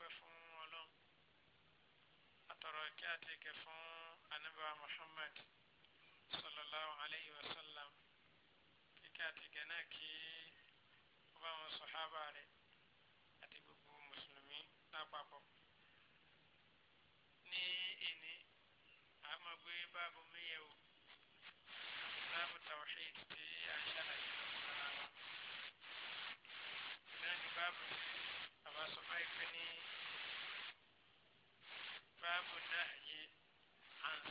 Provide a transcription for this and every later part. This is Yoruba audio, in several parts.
adúpẹ́ fún ọlọ́run àtọ̀rọ̀ kí a ti kẹ fún anábà Muhammad sallallahu alayhi wa sallam kíkẹ́ àti kẹ náà kí ó bá wọn sọ̀hábà rẹ̀ àti gbogbo mùsùlùmí lápapọ̀. ní ìní a máa gbé báàbù mi báàbù tawhid tí a ń ṣàlàyé lọ́wọ́ náà ní báàbù tí.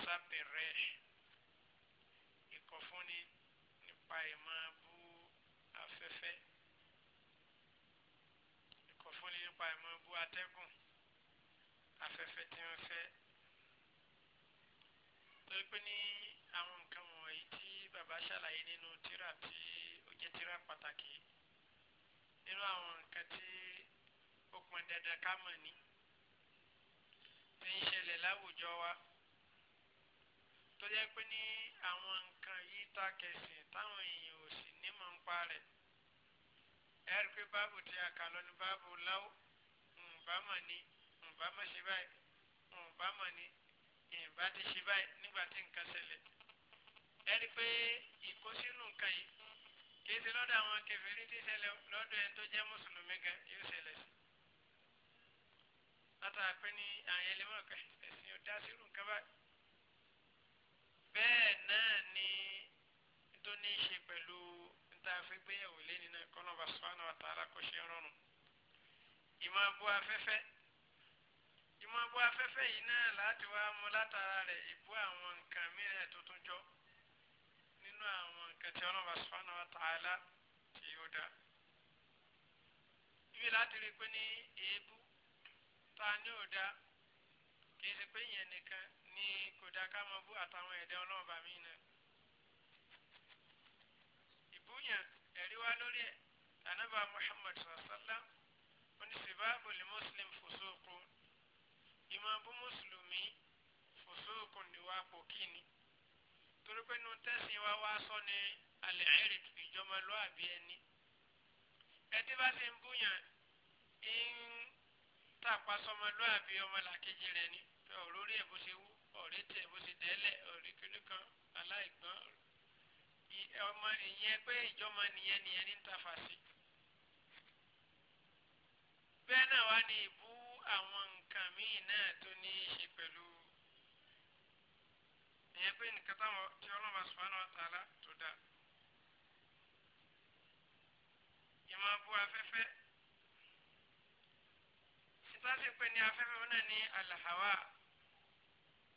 sábẹ̀ rẹ̀ ìkọ̀fúnni nípa ìmọ̀ bú afẹ́fẹ́ ìkọ̀fúnni nípa ìmọ̀ bú atẹ́gùn afẹ́fẹ́ tí wọ́n fẹ́ torí pé ní àwọn nǹkan wọ̀nyí tí bàbá ṣàlàyé nínú tírà tí ó jẹ́ tírà pàtàkì nínú àwọn nǹkan tí ó pọn dandan ká mọ̀ ní tí ń ṣẹlẹ̀ láwùjọ wa tó yẹ pé ní àwọn nǹkan yìí ta kẹsìn táwọn èèyàn ò sì ní mọ̀ ń pa rẹ̀ ẹ rí i pé báàbù tí a kà lọ ní báàbù láwù ǹbá mọ̀ ní ǹbá mọ̀ ṣe báyìí ǹbá mọ̀ ní ǹbá ti ṣe báyìí nígbà tí nǹkan ṣẹlẹ̀ ẹ rí i pé ìkósínú nǹkan yìí kì í ṣe lọ́dọ̀ àwọn kẹfìrí tí ṣẹlẹ̀ lọ́dọ̀ ẹni tó jẹ́ mùsùlùmí gan yóò ṣẹlẹ̀ sí látàpẹ́ ní àyẹ̀lẹ́mọ̀kẹ́ ẹ̀sìn ò dá sírù nǹkan báyìí bẹ́ẹ̀ náà ni tó ní í ṣe pẹ̀lú níta fẹ́gbéyàwó lẹ́ni náà kọ́nọ́bà sùpánà wà tààlà kò ṣe rọrùn ìmọ̀ abú afẹ́fẹ́ ìmọ̀ abú afẹ́fẹ́ yìí náà láti wá mú látara rẹ̀ ìbú àwọn nǹkan mìíràn tó tún jọ nínú àwọn nǹkan tí ọlọ́ba sùpánà wà tààlà yóò dá ibi láti rí i pé ní èébú ta ni ò dá kì í ṣe pé ìyẹn nìkan ní kò dáa ká máa bú àtàwọn ẹ̀dá ọlọ́run bá mí náà. ìbúyàn ẹ̀rí wá lórí ẹ̀ ànábà Muhammad sàlá oníṣèbáàbò lè mùsùlùmí fòsókò ìmọ̀ bú mùsùlùmí fòsókò níwá pò kíni torí pé nu tẹ́sí wa wá sọ ní alẹ́ ẹ̀rí ìjọba lọ́àbí ẹni ẹtí bá ti ń búyàn ń tàpá sọmọlúàbí ọmọlàkejì rẹ ni pé orí ẹ̀ bó ṣe wú ọ̀rẹ́ tẹ̀ bó ṣe dẹ́lẹ̀ ọ̀rẹ́ kínní kan aláìgbọ́n ọmọ ìyẹn pé ìjọba nìyẹn nìyẹn ní tàfà sí. bẹ́ẹ̀ náà wá ní ìbú àwọn nǹkan míì náà tó ní í ṣe pẹ̀lú ìyẹn pé nìkan táwọn tí ọlọ́mọ sùpánù ọ̀tàlá tó dá. ìmọ̀ bu afẹ́fẹ́ ìtàsí pé ní afẹ́fẹ́ wọn náà ní àlàhàwà.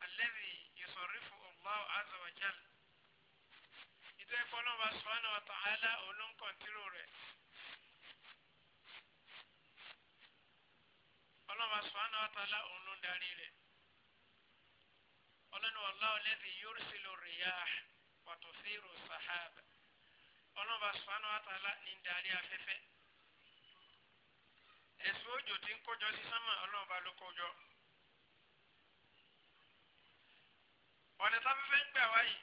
الذي يصرفه الله عز وجل إذا يقول الله سبحانه وتعالى أولون كنتروري الله سبحانه وتعالى أولون دليل أولون والله الذي يرسل الرياح وتثير السحاب الله سبحانه وتعالى نندالي أففه ẹ̀sùn òjò tí ń kójọ sí sánmà ọlọ́run bá ló kójọ. ọ̀nà táfẹ́fẹ́ ń gbà wáyé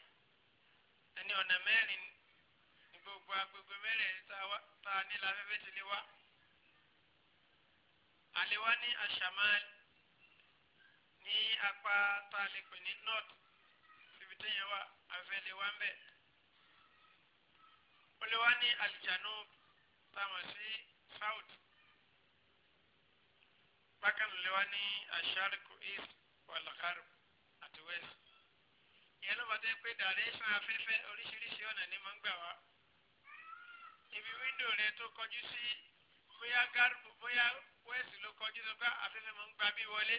ẹni ọ̀nà mẹ́rin ní gbogbo agbègbè mẹ́rin tá a nílò afẹ́fẹ́ ti lé wá àléwá ní aṣàmáàlì ní apá tá a lè pè ní north ibi téèyàn wà afẹ́fẹ́ lé wá ń bẹ̀ ó ní alìjànúb tá a mọ̀ sí south bákan lè wá ní aṣáàrìkù east wàlàkàrù àti west ìyẹn ló bá tẹ́ pé direction afẹ́fẹ́ oríṣiríṣi ọ̀nà ni máa ń gbà wá ibi wíńdò rẹ tó kọjú sí bóyá gárùbù bóyá wẹ́ẹ̀sì ló kọjú sí bá afẹ́fẹ́ máa ń gbà bí wọlé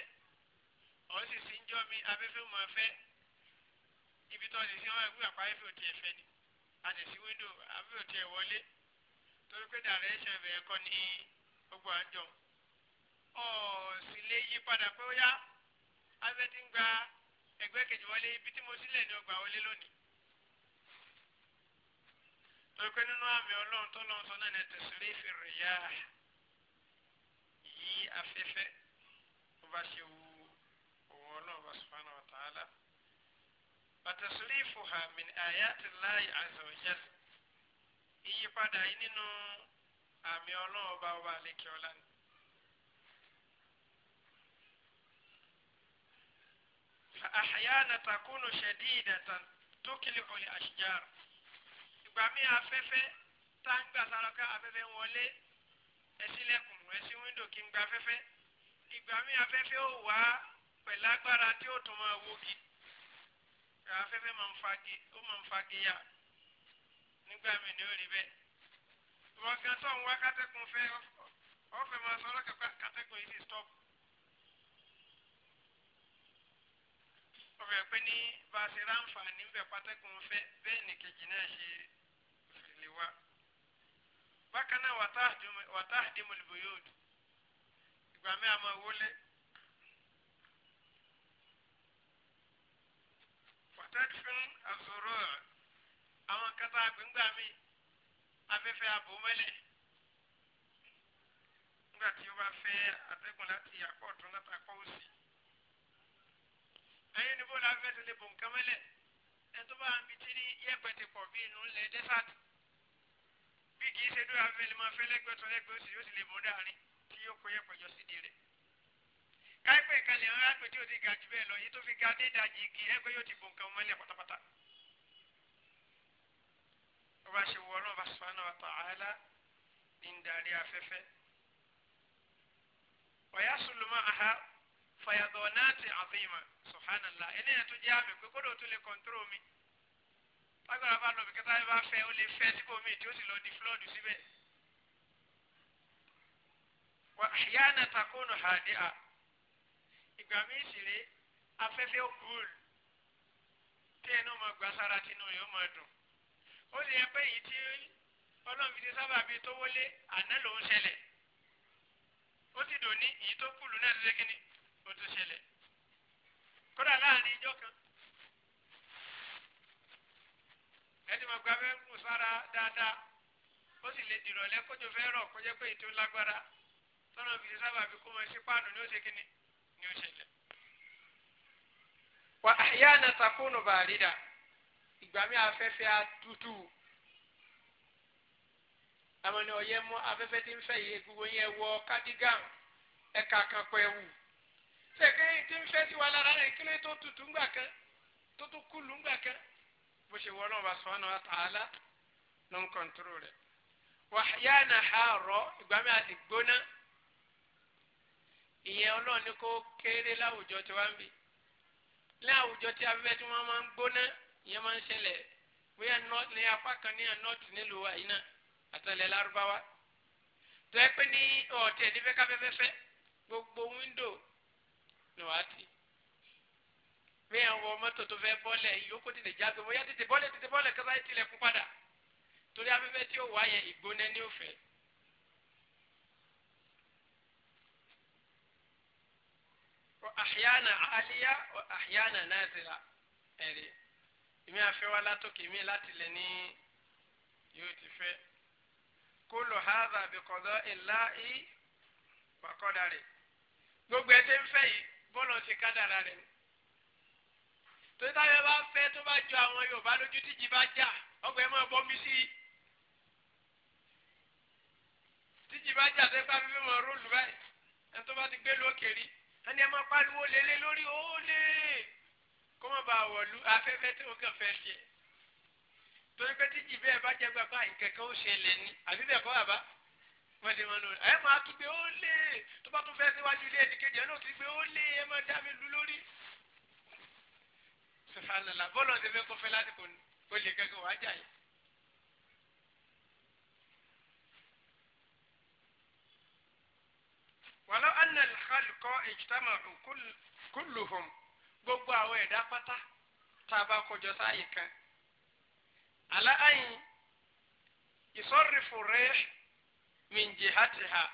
ọ̀hún sì sí ń jọ́ mi afẹ́fẹ́ máa fẹ́ ibi tó ti sí wọn ẹgbẹ́ àpáyé fi òtí ẹ̀fẹ́ ni àti sí wíńdò àbí òtí ẹ̀ wọlé torí pé direction ẹ̀bẹ̀ ẹ̀kọ́ ní gbogbo àjọ ọ̀ sì lè yí padà bóyá afẹ́ ti ń gba ẹgbẹ́ kejì wọlé ibi tí mo sílẹ̀ ni ọgbà wọlé lónìí. torí pé nínú àmì ọlọ́run tó lọ́n sọ náà ni tẹ̀sírí fèrè yá yí afẹ́fẹ́ bó bá ṣe wù òun ọlọ́run bá subhanahu wa ta'ala. bàtẹ̀sírí fòhà min ayati Allahi azza wa jalla ìyípadà yìí nínú àmì ọlọ́run bá ọba àlékè ọlá ni. فأحيانا تكون شديدة تقلع الأشجار ìgbà míì afẹ́fẹ́ tá ń gbà sára ká afẹ́fẹ́ ń wọlé ẹsílẹ̀kùn ẹsí wíńdò kí n gba afẹ́fẹ́ ìgbà míì afẹ́fẹ́ ó wá pẹ̀lú agbára tí ó tún máa wógi afẹ́fẹ́ máa ń fagi ó máa ń fagi ya nígbà míì ni ó rí bẹ́ẹ̀ ìwọ̀n kan tó ń wá kátẹ́kùn fẹ́ ọ̀fẹ́ máa sọ ọlọ́kẹ́ pé kátẹ́kùn yìí ti stọ́pù. rẹ̀ pé ní bá a ṣe ráǹfààní ń bẹ̀ pátákùn fẹ́ bẹ́ẹ̀ ni kejì náà ṣe lè wá. bákan náà wàtáàdì mọ̀lìbòyòdù ìgbà mi àmọ́ wọlé. wàtáàdì fún àzòrò àwọn kata àgbéǹgbà mi afẹ́fẹ́ abòmọ́lẹ̀ nígbà tí ó bá fẹ́ atẹ́gùn láti àpọ̀ ọ̀tún látàkọ́ òsì ẹ̀yin níbo la fẹ́ tẹ̀lé bò nǹkan mẹ́lẹ̀ ẹ̀ tó bá ń bi tí ní yẹ́pẹ̀ ti pọ̀ bí inú ilẹ̀ dẹ́sàtì bí kì í ṣe dúró afẹ́lẹ́ máa fẹ́ lẹ́gbẹ̀ẹ́ tó lẹ́gbẹ̀ẹ́ ó sì yóò sì lè mú dáàrin tí yóò kó yẹ̀pẹ̀ jọ sídi rẹ̀ káyipẹ̀ ìkàlẹ̀ ọ̀rọ̀ àgbẹ̀ tí ó ti ga jù bẹ́ẹ̀ lọ yìí tó fi ga dé ìdajì igi ẹgbẹ́ yóò ti bò nǹkan mọ́lẹ̀ pátápátá ọba ṣe wọ ọlọ́ọ̀bá sọ́nà wa ta'ala ní ń darí afẹ́fẹ́ ọ̀yá sùlùmọ́ àhá fayadọ̀nàtì àfihàn subhanallah eléyà tó jẹ́ àmì pé kódò tó lè kọ́ńtúrò mi lágbára bá lọ bìkítà bá fẹ́ ó lè fẹ́ síbò mi tí ó sì lọ di flood síbẹ̀. wà àyànà takónù hàdí à ìgbà míì sì ré afẹ́fẹ́ cool tí ẹnu máa gbà sára tinú yóò máa dùn ó lè yẹ pé èyí tí ọlọ́run fi ti sábà bíi tó wọlé àná lòún ṣẹlẹ̀ ó ti dòní èyí tó kúlù náà ló dé kínní. ó tún ṣẹlẹ̀ kódà láàrin ìjọ kan ẹni máa gba fẹ́ mú sára dáadáa ó sì lè dìrọ̀lẹ́ kójú fẹ́ rọ̀ kó pé ètò lágbára tọ́nà fi sábà fi kó sí páànù ní ni wà á yá àna ìgbà mi afẹ́fẹ́ àmọ́ ni ọ̀yẹ́ mọ́ afẹ́fẹ́ tẹ̀kẹ́ tí ń fẹ́ sí wa lára rẹ̀ kí ló tó tutù ńgbà kan tó tó kúlù ńgbà kan bó ṣe wọ́n náà bá subhanahu wa ta'ala ló ń kọ́ńtúrò rẹ̀. wàhálà náà ha rọ ìgbà mi àti gbóná ìyẹn ọlọ́run ní kó kéré láwùjọ tí wọ́n ń bì ní àwùjọ tí afẹ́fẹ́ tí wọ́n máa ń gbóná ìyẹn máa ń ṣẹlẹ̀ bóyá ní apá kan ní anọ́ọ̀tì nílùú àyín àtàlẹ́ lárúbáwá tó pé ní ọ̀tẹ̀ nífẹ̀ẹ́ káfẹ́fẹ́fẹ́ gbogbo wíńdò ni wàá tì bí àwọn mọ́tò tó fẹ́ bọ́lẹ̀ yìí ó kó tètè jágbe bóyá tètè bọ́lẹ̀ tètè bọ́lẹ̀ kọ́sá yìí tilẹ̀kùn padà torí afẹ́fẹ́ tí ó wà yẹn ìgbóná ní òfẹ́. àhíyànà àlíyá àhíyànà náà ti ra ẹ̀rí ìmí afẹ́ wa látòkè ìmí láti lẹ̀ ní yóò ti fẹ́ kólò hàzà bìkọ́dọ̀ ìlà ì pàkọ́dà rẹ̀ gbogbo ẹ̀ tẹ́ ń fẹ́ yìí bọ́lọ̀ ṣe kádàrà rẹ̀ tó táyọ̀ bá fẹ́ tó bá jọ àwọn Yorùbá lójú tíjì bá jà ọgbẹ́ mọ́ bọ́ mi sí i tíjì bá jà sẹ́pà fífi mọ́ róòlù báyìí ẹni tó bá ti gbé lókè rí ẹni ẹ máa pariwo lélẹ̀ lórí ó lè kó má bàa wọ̀lú afẹ́fẹ́ tó kàn fẹ́ tiẹ̀ torí pé tíjì bẹ́ẹ̀ bá jẹ́ gbàgbá ìkẹ̀kẹ́ ó ṣẹlẹ̀ ni àbí bẹ́ẹ̀ kọ́ bàbá wọ́n ti máa lò ẹ máa kí pé ó lé tó bá tún fẹ́ síwájú ilé ẹni kejì ẹ náà ti pé ó lé ẹ máa dá mi lu lórí. sàfàlàlà bọ́ọ̀lù ọ̀sẹ̀ fẹ́ kó fẹ́ láti kò ó lè kẹ́kọ̀ọ́ wá jà yìí. wàlọ́ anna al-khalqa ijtama'u gbogbo àwọn ẹ̀dá pátá tá a bá kọjọ sáàyè kan. àlá àyìn ìsọ̀rìfù rẹ̀ من جهتها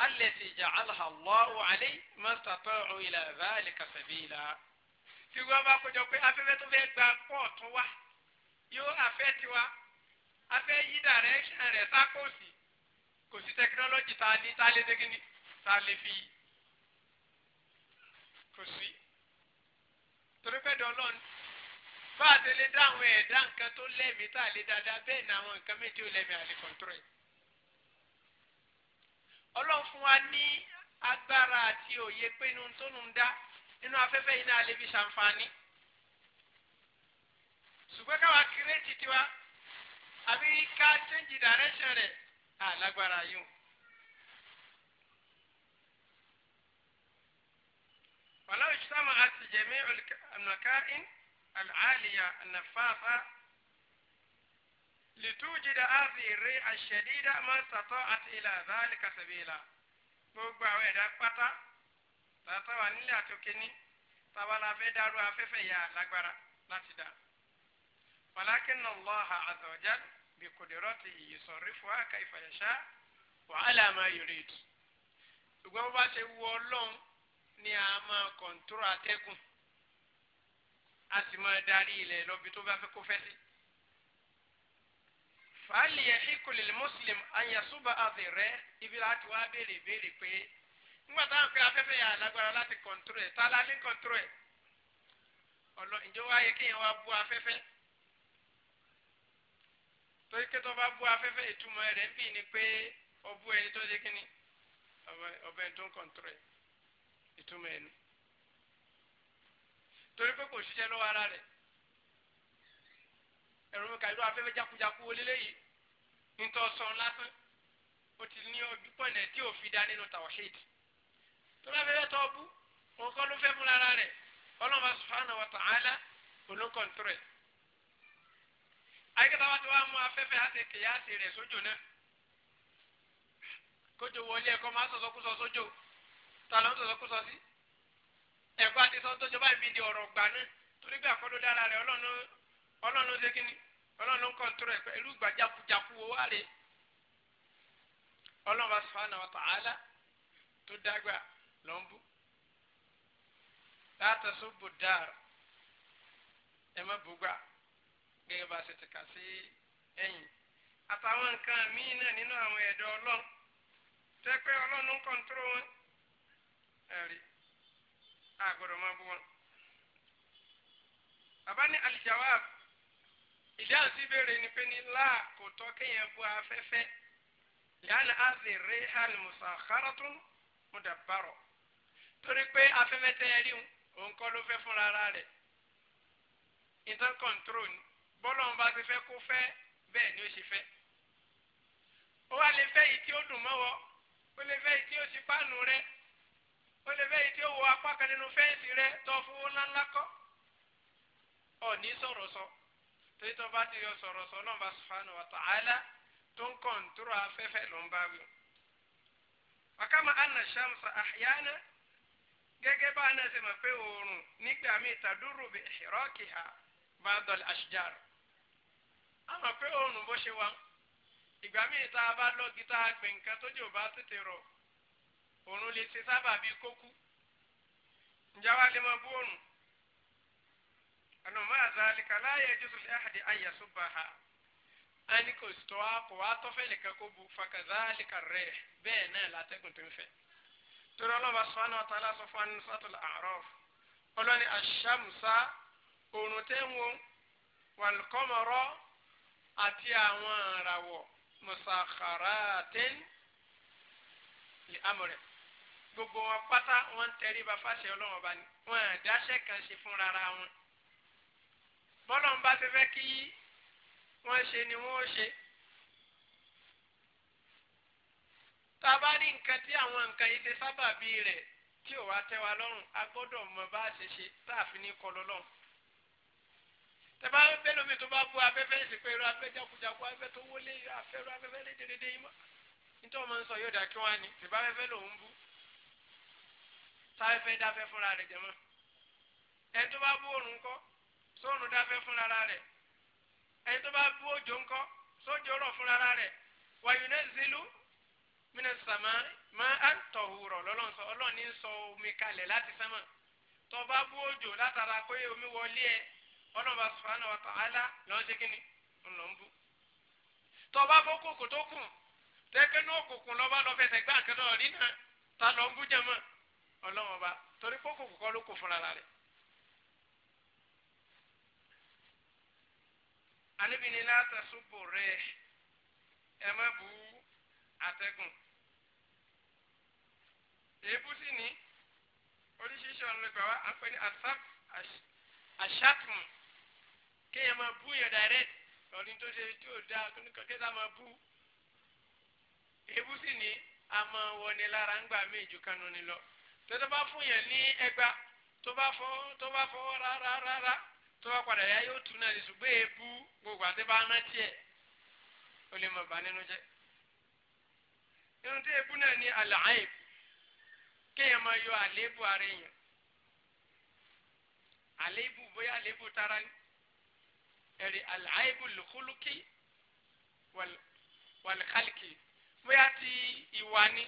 التي جعلها الله عليه ما استطاعوا إلى ذلك سبيلا tí wọ́n bá kọjọ pé afẹ́fẹ́ tó fẹ́ gba pọ́ọ̀tù wa yóò afẹ́ tiwa afẹ́ yí direction rẹ̀ sákòsì kò sí tẹkinọ́lọ́jì tá a ní tá a lè dégé ní tá a lè fi kò sí. torí pé dọ́lọ́n bá a ti lè dá àwọn ẹ̀dá nǹkan tó lẹ́mìí tá a lè dáadáa bẹ́ẹ̀ ni àwọn nǹkan méjì ó lẹ́mìí àlè kọ̀ǹtúrọ̀ yìí ọlọ́run fún wa ní agbára àti òye pé inú tó nu ń dá nínú afẹ́fẹ́ yìí náà lè fi ṣàǹfààní ṣùgbọ́n káwa kírètì tiwa àbí ká change direction rẹ̀ àlágbára yìí. ولو اجتمعت جميع المكائن العالية النفاثة lìtújìdá àzìrí àṣẹdídá máa ń sàtọ́ àti ilà àzáàlì kàṣẹ́bíìlà gbogbo àwọn ẹ̀dá pátá tààtà wà nílẹ̀ àtòkè ní tabala fẹ́ dárú afẹ́fẹ́ yà lágbára láti dá. walakin Allah azza wa jal bi qudratihi yusarrifuha kayfa yasha wa ala ma yurid. ṣùgbọ́n bá ṣe wù Ọlọ́run ni a máa kọ̀ǹtúrò atẹ́gùn a sì máa darí ilẹ̀ lọ tó bá fẹ́ kó fẹ́ sí fàálì yẹ híkùlì mùsùlùm àyànsúbà àdìrẹ ibi láti wá béèrè béèrè pé nígbà táwọn pé afẹ́fẹ́ yà lágbára láti kọ̀ǹtúrò ẹ̀ tá a lá ní kọ̀ǹtúrò ẹ̀ ọ̀lọ́ ìjọ wá yẹ kéèyàn wá bú afẹ́fẹ́ torí pé tó bá bú afẹ́fẹ́ ìtumọ̀ rẹ̀ ń bì ní pé ọbú ẹni tó ṣe kínní ọbẹ̀ tó ń kọ̀ǹtúrò ẹ̀ ìtumọ̀ ẹnu torí pé kò ṣiṣẹ́ lọ́wọ́ ara rẹ̀ ẹ̀rọ mi kà irú afẹ́fẹ́ jákujáku wọlé léyìí nítorí sọ lásán ó ti ní ojúpọ̀nà tí ò fi dá nínú tawhid tó bá fẹ́fẹ́ tọ́ bú òun kọ́ ló fẹ́ fún lára rẹ̀ ọlọ́mọ subhanahu wa ta'ala olókọ̀ntúrẹ̀ ayíkẹ́tà wa ti wá mú afẹ́fẹ́ àti kìyàsí rẹ̀ sójò náà kójó wọlé ẹ̀kọ́ máa sọ̀sọ́ kú sọ sójò ta ló ń sọ̀sọ́ kú sọ sí ẹ̀kọ́ àti sọ́jọ́ báyìí fi di ọ̀rọ̀ gbà torí pé àkọ́dọ̀ dára rẹ̀ ọlọ́run ọlọ́run ló ṣe kí ni ọlọ́run ló ń kọ́ńtúrọ̀ ẹ̀ pẹ̀lú ìgbà jákujáku wo wá rè ọlọ́run bá subhanahu wa ta'ala tó dágbà lọ́nbù látàsóbò dáàrọ̀ ẹ má bùgbà gẹ́gẹ́ bá a ṣe ti kà sí ẹ̀yìn àtàwọn nǹkan míì náà nínú àwọn ẹ̀dọ́ ọlọ́run tẹ́ pé ọlọ́run ń kọ́ńtúrọ̀ wọn ẹ̀rí àgọ́dọ̀ máa bú wọn. bàbá ní alìjàwáàbù ìdáhùn sí ìbéèrè ni pé ní láà kò tọ́ kéèyàn bu afẹ́fẹ́ lẹ́yìn azì rí alimusa kárọ́tún mudabaro torí pé afẹ́fẹ́ tẹ́ ẹ rí òun kọ́ ló fẹ́ fúnra ara rẹ̀ ìtàn kọ̀ǹtró ni bọ́lọ̀ ń bá ti fẹ́ kó fẹ́ bẹ́ẹ̀ ni ó ṣe fẹ́ ó wá lè fẹ́ yìí tí ó dùn mọ́wọ́ ó lè fẹ́ yìí tí ó ṣe páànù rẹ̀ ó lè fẹ́ yìí tí ó wọ apá kan nínú fẹ́ǹsì rẹ̀ tó fowó ńláńlá kọ́ ọ̀ ní sọ̀rọ̀ sọ. So torí tó bá ti yọ sọ̀rọ̀ sọ́nà bá subhanahu wa ta'ala tó ń kọ̀ǹtúrò afẹ́fẹ́ ló ń bá wí. wàkàmà anna shamsa ahyana gẹ́gẹ́ bá náà ṣe mọ̀ pé oòrùn nígbà míì tàdúrù bí ihraqiha ba'dal ashjar. a mọ̀ pé oòrùn bó ṣe wá ìgbà míì tá a bá lọ́gi tá a nǹkan tó jò bá tètè rọ̀ oòrùn lè ṣe sábà bíi kókú. ǹjẹ́ wàá lè mọ bú oòrùn ọ̀nà mọ́ àzàlìkà láàyè jùsùn láàdì àyà ṣùgbà ha a ní kò tó a kò wá tọ́fẹ́ nìkan kó bu fakazàlìkà rẹ̀ bẹ́ẹ̀ náà látẹ́gùn tó ń fẹ́ torí ọlọ́ba sọ́nà ọ̀tàlá sọ fún anúṣàtò àárọ̀ ọlọ́ni àṣàmùsá òrùn tẹ́wọ̀n wàlùkọ́mọ̀rọ̀ àti àwọn àràwọ̀ mùsàkàràtẹ́n lè amọ̀rẹ̀ gbogbo wọn pátá wọn ń tẹríba fáṣẹ ọlọ́wọ́n bá ní wọn àdáṣẹ́ kan ṣe fúnra wọn bọ́lọ̀ ń bá ti fẹ́ kí wọ́n ṣe ni wọ́n ṣe. tá a bá rí nǹkan tí àwọn nǹkan yìí ti sábà bí rẹ̀ tí ò wá tẹ́ wa lọ́rùn a gbọ́dọ̀ mọ bá a ṣe ṣe tá a fi ní kọ lọ lọ́rùn. tẹ́bá bẹ́lómi tó bá bu afẹ́fẹ́ ìsìnkú ẹ̀rọ afẹ́ jagunjagun afẹ́ tó wọlé afẹ́rọ afẹ́fẹ́ lédèrèdè yìí mọ́ nítorí wọn sọ yóò dà kí wọ́n á ní tẹ́bá fẹ́fẹ́ lòún bú táfẹ́fẹ́ dáfẹ́ fúnra rẹ̀ jẹ́mọ́ ẹ̀ tó bá bú òrùn kọ́ sóòrùn dábẹ́ fúnra rẹ̀ ẹni tó bá bú òjò ńkọ́ sóòjò rọ̀ fúnra rẹ̀ wayunazzilu minas samai ma'an tahura lọ́lọ́nsọ ọlọ́ọ̀ni ń sọ omi kalẹ̀ láti sánmà tó bá bú òjò látara pé omi wọlé ẹ ọlọ́ọ̀bá subhanahu wa ta'ala lọ́n ṣe kíni ńlọ ń bú tó bá bó kòkò tó kù tẹ́kẹ́ ní òkùnkùn lọ́ba lọ fẹsẹ̀ gbá náà rí náà ta lọ́ ń bú jẹ́ mọ́ ọlọ́wọ́n torí kókò kọ́ ló kò fúnra rẹ̀ anabi ni láta súbò rẹ ẹ bu atẹ́gùn Ebusi ni, ní oríṣiríṣi ọ̀nà ló gbà wá à ń pè ní asap ashatun kéèyàn máa bú yàn direct lọ́dún tó ṣe tí ò dáa tó ní kankan máa bú èébú sì a máa wọni lára ń gbà mí kanu ni lọ tó tó bá fún yàn ní ẹgbàá tó bá fọwọ́ rárá rárá tó bá padà yá yóò tún náà ní ṣùgbọ́n èébú gbogbo àti bá rántí ẹ̀ ó lè mọ̀ bá nínú jẹ́. irun tí èébú náà ní àlàáìb kéèyàn máa yọ àléébù ara èèyàn àléébù bóyá àléébù tara ní ẹ̀rí àlàáìbù lùkúlùkì wàlìkálìkì bóyá ti ìwà ni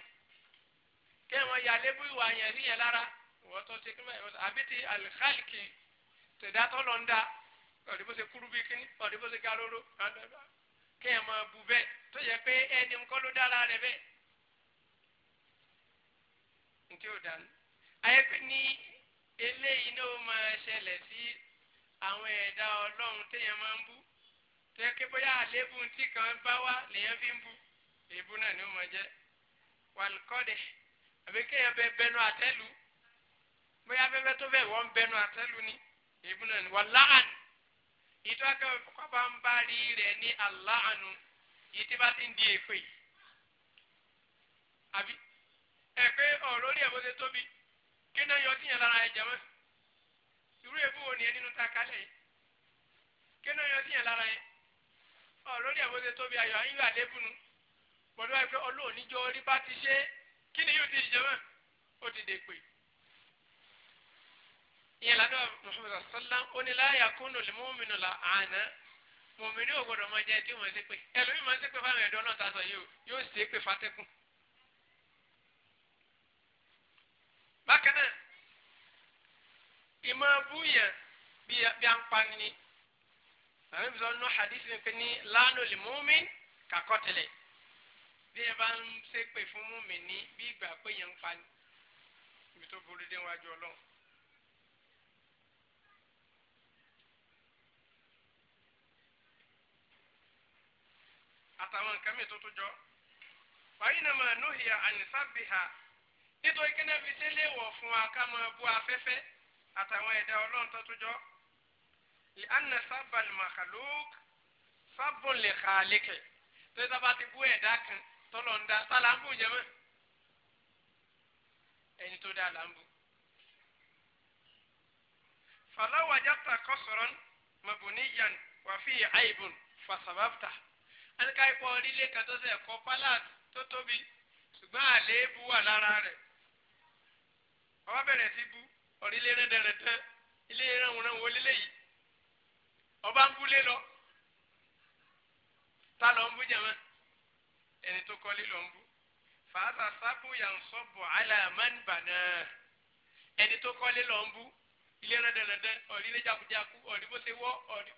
kéèyàn máa yọ àléébù ìwà yẹn níyẹn lára ìwọ́tọ́ ṣe kí wọ́n àbí ti àlìkálìkì tẹ̀dá tọ́lọ̀ ń dá ọ̀dẹ́ bó ṣe kúrú bí kíní ọ̀dẹ́ bó ṣe ga lóró kéèyàn máa bu bẹ́ẹ̀ tó yẹ pé ẹni ńkọ́ ló dára rẹ̀ bẹ́ẹ̀ ntí ó dànù. ayẹ́pẹ́ ní eléyìí ló máa ṣẹlẹ̀ sí àwọn ẹ̀dá ọlọ́run téèyàn máa ń bú tó yẹ pé bóyá àléébù tí kan bá wá lèèyàn fi ń bú èébú náà ni ó máa jẹ́ wàlúkọ́dẹ̀ àbí kéèyàn bẹ bẹnu àtẹ́lu bóyá bẹ́bẹ́ tó bẹ̀ wọ́n bẹnu àtẹ́lu ni ibùnà ni wà láàn ìtọ́ akẹ́wọ̀n fúnpá bá ń bá rí rẹ̀ ní aláàánú yìí tí bá ti ń di èpè àbí ẹ pé ọ̀rọ̀ lórí ẹ̀ bó ṣe tóbi kí náà yọ síyàn lára ẹ̀jẹ̀ mọ́ irú èbú wo nìyẹn nínú ta kálẹ̀ yìí kí náà yọ síyàn lára ẹ̀ ọ̀rọ̀ lórí ẹ̀ bó ṣe tóbi ayọ̀ ayé àlébùnú pọ̀lú ẹ pé ọlọ́ọ̀níjọ́ orí bá ti ṣe kí ni yóò ti ṣe mọ́ ó ti dè pè é ìyẹn ládọ́ Muhammad sallam oníláyà kúnnù lè mọ́mìnú la àná mọ̀mìnú ò gbọ́dọ̀ máa jẹ́ tí wọ́n ṣe pé ẹlòmíì máa ń ṣe pé fáwọn ẹ̀dọ́ náà tàṣọ yìí yóò ṣe pé fatẹ́kùn. bákan náà ìmọ̀ búyàn bí a ń pani ni àwọn ibi sọ́nù hadith mi pé ní lánà lè mọ́mìn kàkọ́tẹ̀lẹ̀ bí ẹ bá ń ṣe pé fún mọ́mìn ní bí ìgbà pé yẹn ń pani ibi tó burú dé wájú ọlọ́run. àtàwọn nǹkan mi tó tó jọ. wàyí nà máa nóhìá ànisábìhà nítorí kí náà fi ṣe léèwọ̀ fún wa ká máa bu afẹ́fẹ́ àtàwọn ẹ̀dá ọlọ́run tó tó jọ. lè ànà sábàl màkàlók sábùn lè tó yẹ sábà ti bú ẹ̀dá kan tọ́lọ̀ ń da sálà ń ẹni tó dá là ń bù. fàlọ́wọ́ ajá ta kọ́sọ̀rọ̀ àìbùn fàṣàbàbùtà àníká ipò orílẹ̀ kan tó sẹ̀ kọ́ palace tó tóbi ṣùgbọ́n àléébù wà lára rẹ̀ ọba bẹ̀rẹ̀ sí bú orílẹ̀ rẹ̀dẹ̀rẹ̀dẹ̀ ilé ránwọ̀ránwọ̀ orílẹ̀ yìí ọba ń búlé lọ ta lọ ń bú jẹ̀mọ́ ẹni tó kọ́ lílọ ń bú fàáta sábò yàn sọ́bù aláàmánìbànà ẹni tó kọ́ lílọ ń bú ilé rẹ̀dẹ̀rẹ̀dẹ̀ orílẹ̀ jákujáku ọ̀rí bó ṣe wọ́ ọ̀rí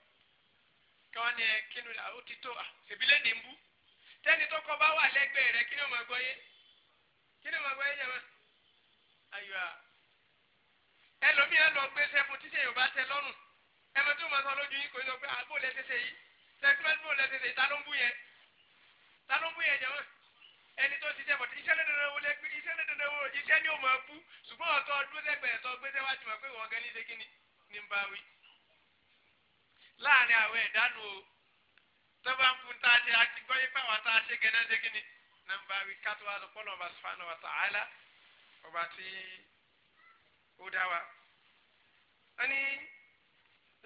káwọn ni kínú ó ti tó ìbílẹ̀ ní bú tẹ́ni tó kọ́ bá wà lẹ́gbẹ̀ẹ́ rẹ kí ni ó máa gbọ́ yé kí ni ó máa gbọ́ yé jẹ́wọ́ ayọ̀ à ẹlòmíràn lọ gbé sẹ́fún títí èèyàn bá tẹ lọ́rùn ẹmọ tó máa sọ lójú yín kò sọ pé àbò lẹ́sẹsẹ yìí sẹ́kúrẹ́t bò lẹ́sẹsẹ yìí ta ló ń bú yẹn ta ló ń bú yẹn jẹ́wọ́ ẹni tó ti jẹ́bọ̀ iṣẹ́ lẹ́dọ̀dọ̀ wo lẹ́gbẹ́ iṣẹ́ lẹ́dọ̀dọ̀ wo iṣẹ́ ni ó máa bú ṣùgbọ́n ọ̀tọ̀ ọdún sẹ́gbẹ̀ẹ́ sọ gbé sẹ́wájú mọ̀ pé wọ́n gẹ́ ní láàrin àwọn ẹ̀dánù o tọ́ba ń fún tá a ṣe àti gbọ́ yípa àwọn tá a ṣe gẹ́gẹ́ ṣe kíni nàmbà wí kátó wa lọ́pọ̀ lọ́ba sùfàànà wa tààlà ọba tí ó dá wa. ẹni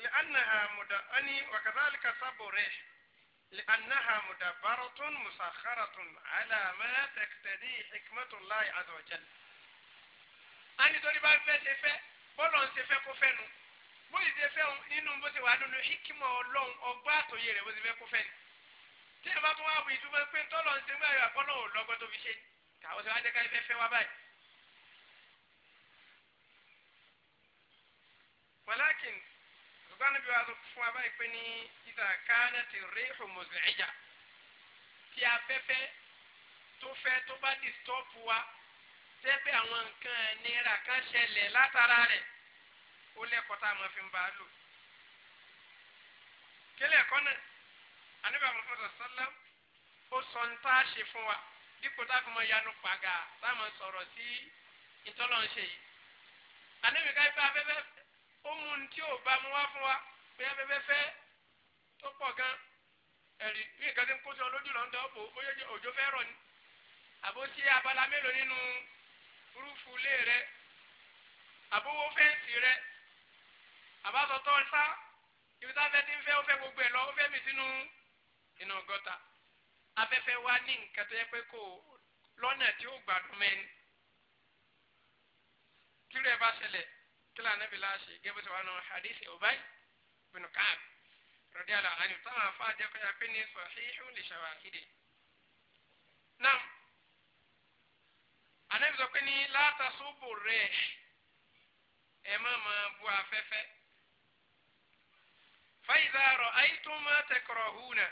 lè anaha muda ẹni wàkàtàlíkà sábò rẹ̀ lè anaha muda barotun musakharatun alama tẹkitẹdi hikmatullahi azawajal. a nítorí bá fẹ́ ṣe fẹ́ bọ́lọ̀ ń ṣe fẹ́ kó fẹ́ nu bó ti ṣe fẹ́ nínú bó ti wà nínú hikima ọlọ́run ọgbà àtòyè rẹ̀ bó ti fẹ́ kó fẹ́ ni tí ẹ bá tún wá wù í dúpẹ́ pé tọ́lọ̀ ń ṣe ń báyọ̀ àkọ́lọ́ ò lọ́gbọ́ tó fi ṣe káwọ́ ti wá jẹ́ ká ẹ fẹ́ fẹ́ wá báyìí. wàlákìn ṣùgbọ́n níbi wàá fún wa báyìí pé ní ìta káná ti rí ìhùmùsùn ẹ̀jà tí afẹ́fẹ́ tó fẹ́ tó bá dìstọ́pù wa tẹ́pẹ́ àwọn nǹkan nira kan ṣẹlẹ̀ látara rẹ̀ ó lẹ́kọ̀ọ́ tá a máa fi ń bá a lò kílẹ̀ ẹ̀kọ́ náà anábìá mọ̀fọ́sọ̀ sọ́lá ó sọ ń tá a ṣe fún wa dípò tá a fi máa yanu pàgà tá a máa sọ̀rọ̀ sí ìtọ́lọ́ yìí anábìá ká ibà abẹ́fẹ́ ó mú un tí ò bá mú wá fún wa pé abẹ́fẹ́ fẹ́ tó pọ̀ gan ẹ̀rí bí nǹkan ti ń kó sí ọ lójú lọ́ńdọ̀ bò ó yẹ òjò fẹ́ rọ̀ ni àbó sí abala mélòó nínú rúfulé rẹ àbówó fẹ́ǹsì rẹ àbáṣọ tó sá ibi tá a fẹ́ ti ń fẹ́ ó fẹ́ gbogbo ẹ̀ lọ ó fẹ́ mi sínú iná gọ́ta afẹ́fẹ́ wa ní nǹkan tó yẹ pé kò lọ́nà tí ó gbádùn mẹ́ni kí ló yẹ bá ṣẹlẹ̀ kí ló ànábì láṣẹ gẹ́gẹ́ bí wọn hadith Ubay bin Ka'b radiyallahu anhu táwọn afá jẹ́ yà pé ní sahihu li shawahidi. nam, ànábì sọ pé ní la tasubu rih ẹ̀ má máa bu afẹ́fẹ́ fàyíṣà rọ àìtún má tẹkọrọ hùnà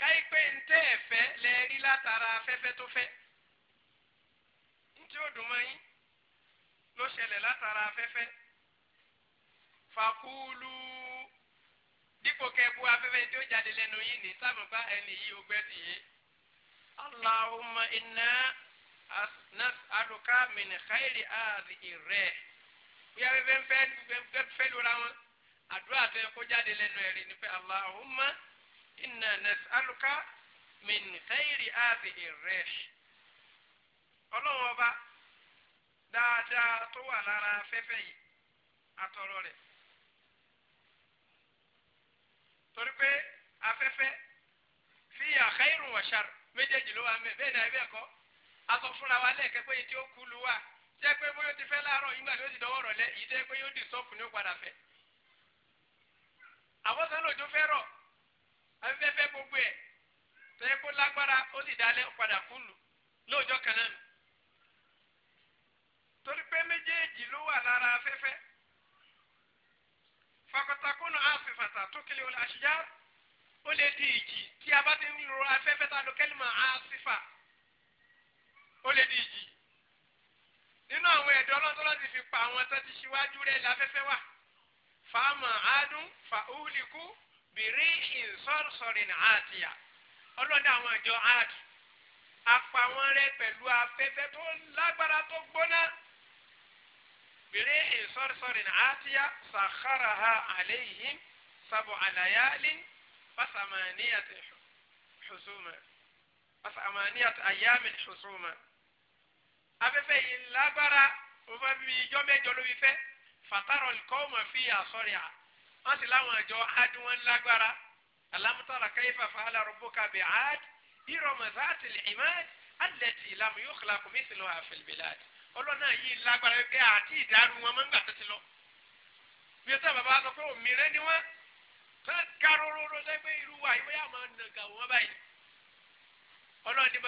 káìpẹ́ ntẹ́ ẹ̀fẹ́ lẹ́ẹ̀rí látara afẹ́fẹ́ tó fẹ́ ntí ó dùn mọ́ yín ló ṣẹlẹ̀ látara afẹ́fẹ́ fàkúlù dípò kẹ́ẹ̀bù afẹ́fẹ́ tí ó jáde lẹ́nu yìí ní sábàbá ẹni yìí ó gbẹ́ sí yìí. اللهم إنا نسألك من خير هذه الريح. Bí a fẹ́ fẹ́ fẹ́ lura wọn àdúrà tó yẹ kó jáde lẹ́nu ẹ̀rí ni pé Allahumma inna nas'aluka min khayri hadhihi rih ọlọ́run ọba dáadáa tó wà lára afẹ́fẹ́ yìí atọ́rọ rẹ̀ torí pé afẹ́fẹ́ fiya khayrun wa shar méjèèjì ló wà mẹ́ bẹ́ẹ̀ náà bẹ́ẹ̀ kọ́ aṣọ fúnra wa lẹ́ẹ̀kẹ́ pé etí ó kú lu wa jẹ́ pé bóyá ti fẹ́ láàárọ̀ yìí gbà tó ti dọwọ́ rọ̀ lẹ́ yìí jẹ́ pé yóò dì sọ́ọ̀fù ní ó padà fẹ́ àwọn kan lòdù fẹ́rọ̀ afẹ́fẹ́ gbogbo ẹ̀ tẹ́ kó lágbára ó sì dalẹ̀ padà kúlù lóòjọ́ kan náà torí pé méjèèjì ló wà lára afẹ́fẹ́ fakotakunu afifata tó kele olè àṣìjá ó lè di ìjì tí a bá ti ń lo afẹ́fẹ́ tá a lo kẹ́lìmọ̀ àṣìfà ó lè di ìjì nínú àwọn ẹ̀dọ́ ọlọ́dọ́lọ́ ti fi pa àwọn tó ti ṣíwájú rẹ̀ láfẹ́fẹ́ wà fáàmà adùn fàúlìkù bìrì ìsọ̀rọ̀sọ̀rìn àtìyà ọlọ́dẹ àwọn ìjọ àdù apá wọn rẹ pẹ̀lú afẹ́fẹ́ tó lágbára tó gbóná bìrì ìsọ̀rọ̀sọ̀rìn àtìyà sàkàrà ha àléyìn sábò àlàyálì fásàmánìyàtì xusuma fásàmánìyàtì àyàmì xusuma afẹ́fẹ́ yìí lágbára òfin ìjọ mẹ́jọ ló fi fẹ́ fatara olùkọ́ọ̀mọ̀ fi àsọ̀rìà wọ́n sì láwọn àjọ ádùn wọn lágbára alámútàrà kayfa fa'ala rabbuka bi'ad ìrọ̀mọ̀ záàtì lìmad allati lam yukhlaq mithluha fil bilad ọlọ́nà yìí lágbára pé àti ìdárú wọn máa ń gbà títí lọ. bí o sábà bá sọ pé òmìnira ni wọn káróróró lẹ́gbẹ́ irú wa ìwé àmọ́ nàgà wọn báyìí. ọlọ́run ní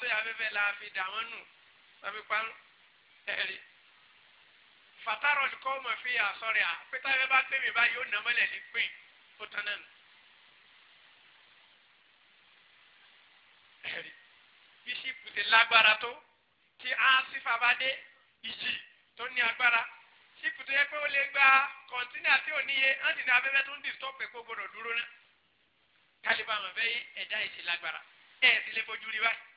tó yà fẹ́fẹ́ la fi dà wọ́n nù tàbí parun ẹ̀rí fatara ọ̀dùkọ́ ọmọ e fi yà sọ̀rọ̀ yà pété ẹ bá gbé mi báyìí ó nà mọ́lẹ̀ ní pín ó tán náà nù. bíṣípù ti lágbára tó tí ánsífà bá dé ìjì tó ní agbára ṣípù tó yẹ pé ó lè gba kọ̀ǹtínà tí ò níye áǹtì ní abẹ́fẹ́ tó ń dìstọ́pù ẹ̀kọ́ gbọdọ̀ dúró náà kálíbà mọ̀ bẹ́ẹ̀ ẹ̀dá e ìṣe lágbára ẹ̀ e, sì lè fojú rí báyìí.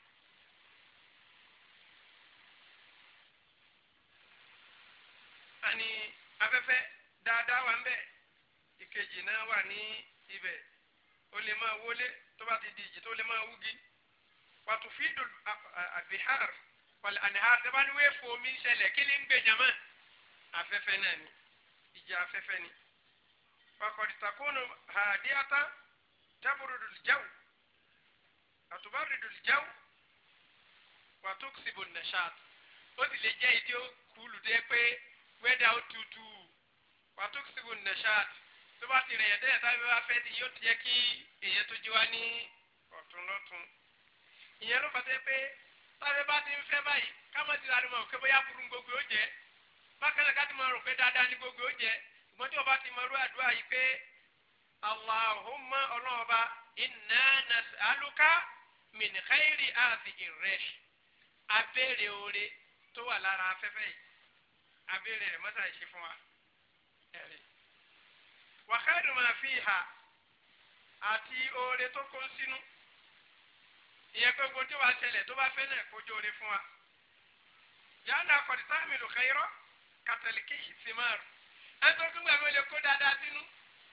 àní afẹ́fẹ́ dáadáa wà ń bẹ̀ ìkejì náà wà ní ibẹ̀ ó lè máa wọlé tó bá ti di ìjì tó lè máa wúgi wàtúfídù àbíhàr wàlẹ̀ àníhàr tó bá ní wéé fo omi ṣẹlẹ̀ kí ni ń gbé jama afẹ́fẹ́ náà ni ìjì afẹ́fẹ́ ni wàkọ̀dìtàkùnù hàdíyàtà tábùrùdù jáwù àtùbárùdù jáwù wàtúksìbù nàṣàt ó sì lè jẹ́ ìdí ó kúlù dé pé wẹ́dà ó tutù wàtúkìsìbù nẹ̀ṣáàt tó bá ti rìn ẹ̀dẹ́ ẹ̀ta bí wàá fẹ́ di yóò ti yẹ kí èyẹ tó jí wá ní ọ̀tún lọ́tún. ìyẹn ló fàtẹ́ pé táwọn bá ti ń fẹ́ báyìí káwọn ti rárá mọ̀ pé bóyá burú gbogbo ó jẹ́ bákẹ́lẹ́ ká ti máa rò pé dáadáa ní gbogbo ó jẹ́ ìgbọ́n tí wọ́n bá ti mọ irú àdúrà yìí pé Allahumma ọlọ́ọ̀ba inna nas'aluka min khairi àti ìrẹsì abéèrè oore tó wà lára afẹ́fẹ́ yìí abẹ́rẹ́ rẹ̀ mọ́tà ṣe fún wa ẹ̀rí. wàhálà máa fi hà àti oore tó kó sínú ìyẹn pé gbogbo tí wàá ṣẹlẹ̀ tó bá fẹ́ náà kójú oore fún wa. yàrá àkọ́dé sáàmì lùkàírọ́ kàtàlíkì ìsìmáàrù ẹni tó lè kó dáadáa sínú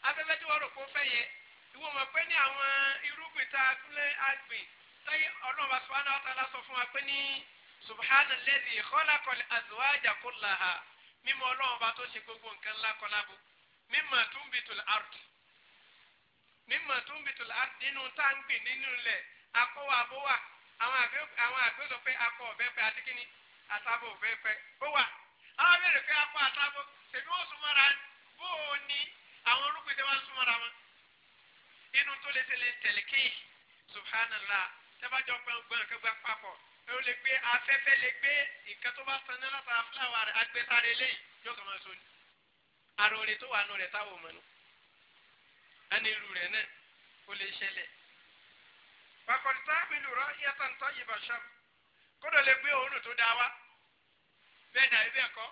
afẹ́fẹ́ tí wọ́n rò pé fẹ́ yẹ ìwọ mọ̀ pé ní àwọn irúgbìn tá a gbìn sẹ́yìn ọlọ́run bá sọ wọn náà tá a lásọ fún wa pé ní subhanallazi khalaqal azwaja kullaha mímọ́ ọlọ́run bá tó ṣe gbogbo nǹkan ńlá kọlábù mimma tunbitul ard mimma tunbitul ard nínú táǹgbì nínú ilẹ̀ akọ́wọ́ abọ́wà àwọn àgbẹ̀ sọ pé akọ ọ̀bẹ pẹ àti kíni àtàbọ̀ ọ̀bẹ pẹ ó wà àwọn abẹ́rẹ́ pé akọ àtàbọ̀ tèmi ó súnmọ́ra bó o ní àwọn orúkú tẹ́ wá wọn inú tó lè tẹ̀lé tẹ̀lé kéè subhanallah tẹ́ bá jọ gbọ̀ngbọ̀n ó lè gbé afẹ́fẹ́ lè gbé nǹkan tó bá san ní látara fúláwà rẹ̀ agbésáré léyìí yóò kàn máa sóni ara olè tó wà nù rẹ̀ táwọn ọmọ nù ẹni irú rẹ̀ náà ó lè ṣẹlẹ̀. bàkọ̀dé táàbì lù rọ yẹtàn tó yìí bàṣà kódò lè gbé òórùn tó dá wa bẹ́ẹ̀ dà ibẹ̀ kọ́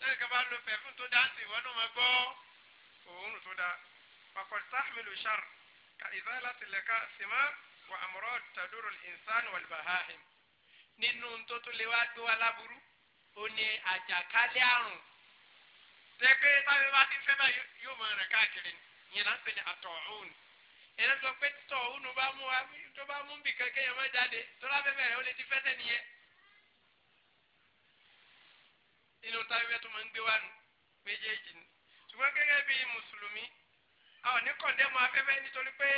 lẹ́yìn kan bá lo pẹ̀fún tó dá sí ìwọ́n náà gbọ́ òórùn tó dá bàkọ̀dé táàbì lù ṣàr ka ìzálà tilẹ̀ ká wà àmúrò tàdúrò ìnsán wàlbàháhìm nínú tó tó lè wá gbé wa láburú ó ní àjàkálẹ̀ àrùn tẹ́gbẹ́ táwọn bá ti fẹ́ náà yóò máa rìn káàkiri yẹn náà ń pè ní àtọ̀hún ẹ̀rọ sọ pé tọ̀hún bá mú wa tó bá mú bìkan kéèyàn má jáde tó lábẹ́bẹ̀ rẹ̀ ó lè ti fẹ́ sẹ́ni yẹn nínú táwọn bẹ́ẹ̀ tó máa ń gbé wa nù méjèèjì ni ṣùgbọ́n gẹ́gẹ́ bí mùsùlùmí àwọn oníkọ̀ndẹ́mù afẹ́fẹ́ nítorí pé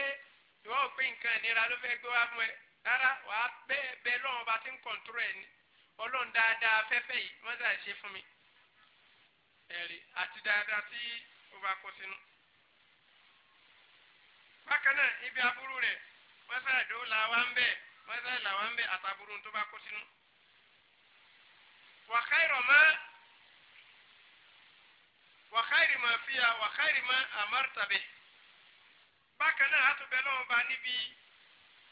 ìwọ́n ò pé nǹkan ìnira ló fẹ́ gbé wa mú ẹ rárá wà á bẹ́ẹ̀ bẹ́ẹ̀ lọ́wọ́ bá ti ń kọ̀ǹtúrò ẹ̀ ní ọlọ́run dáadáa afẹ́fẹ́ yìí wọ́n dà ṣe fún mi ẹ̀rí àti dáadáa tí ó bá kó sínú. bákan náà ibi aburú rẹ̀ wọ́n sáà dó làwa ń bẹ̀ wọ́n sáà làwa ń bẹ̀ àtàbúrú tó bá kó sínú. wàkàìrọ̀ máa wàkàìrì máa fi wàkàìrì máa àmọ́rìtàbẹ̀ bákan náà àtúbẹ̀ lọ́wọ́ bá níbi.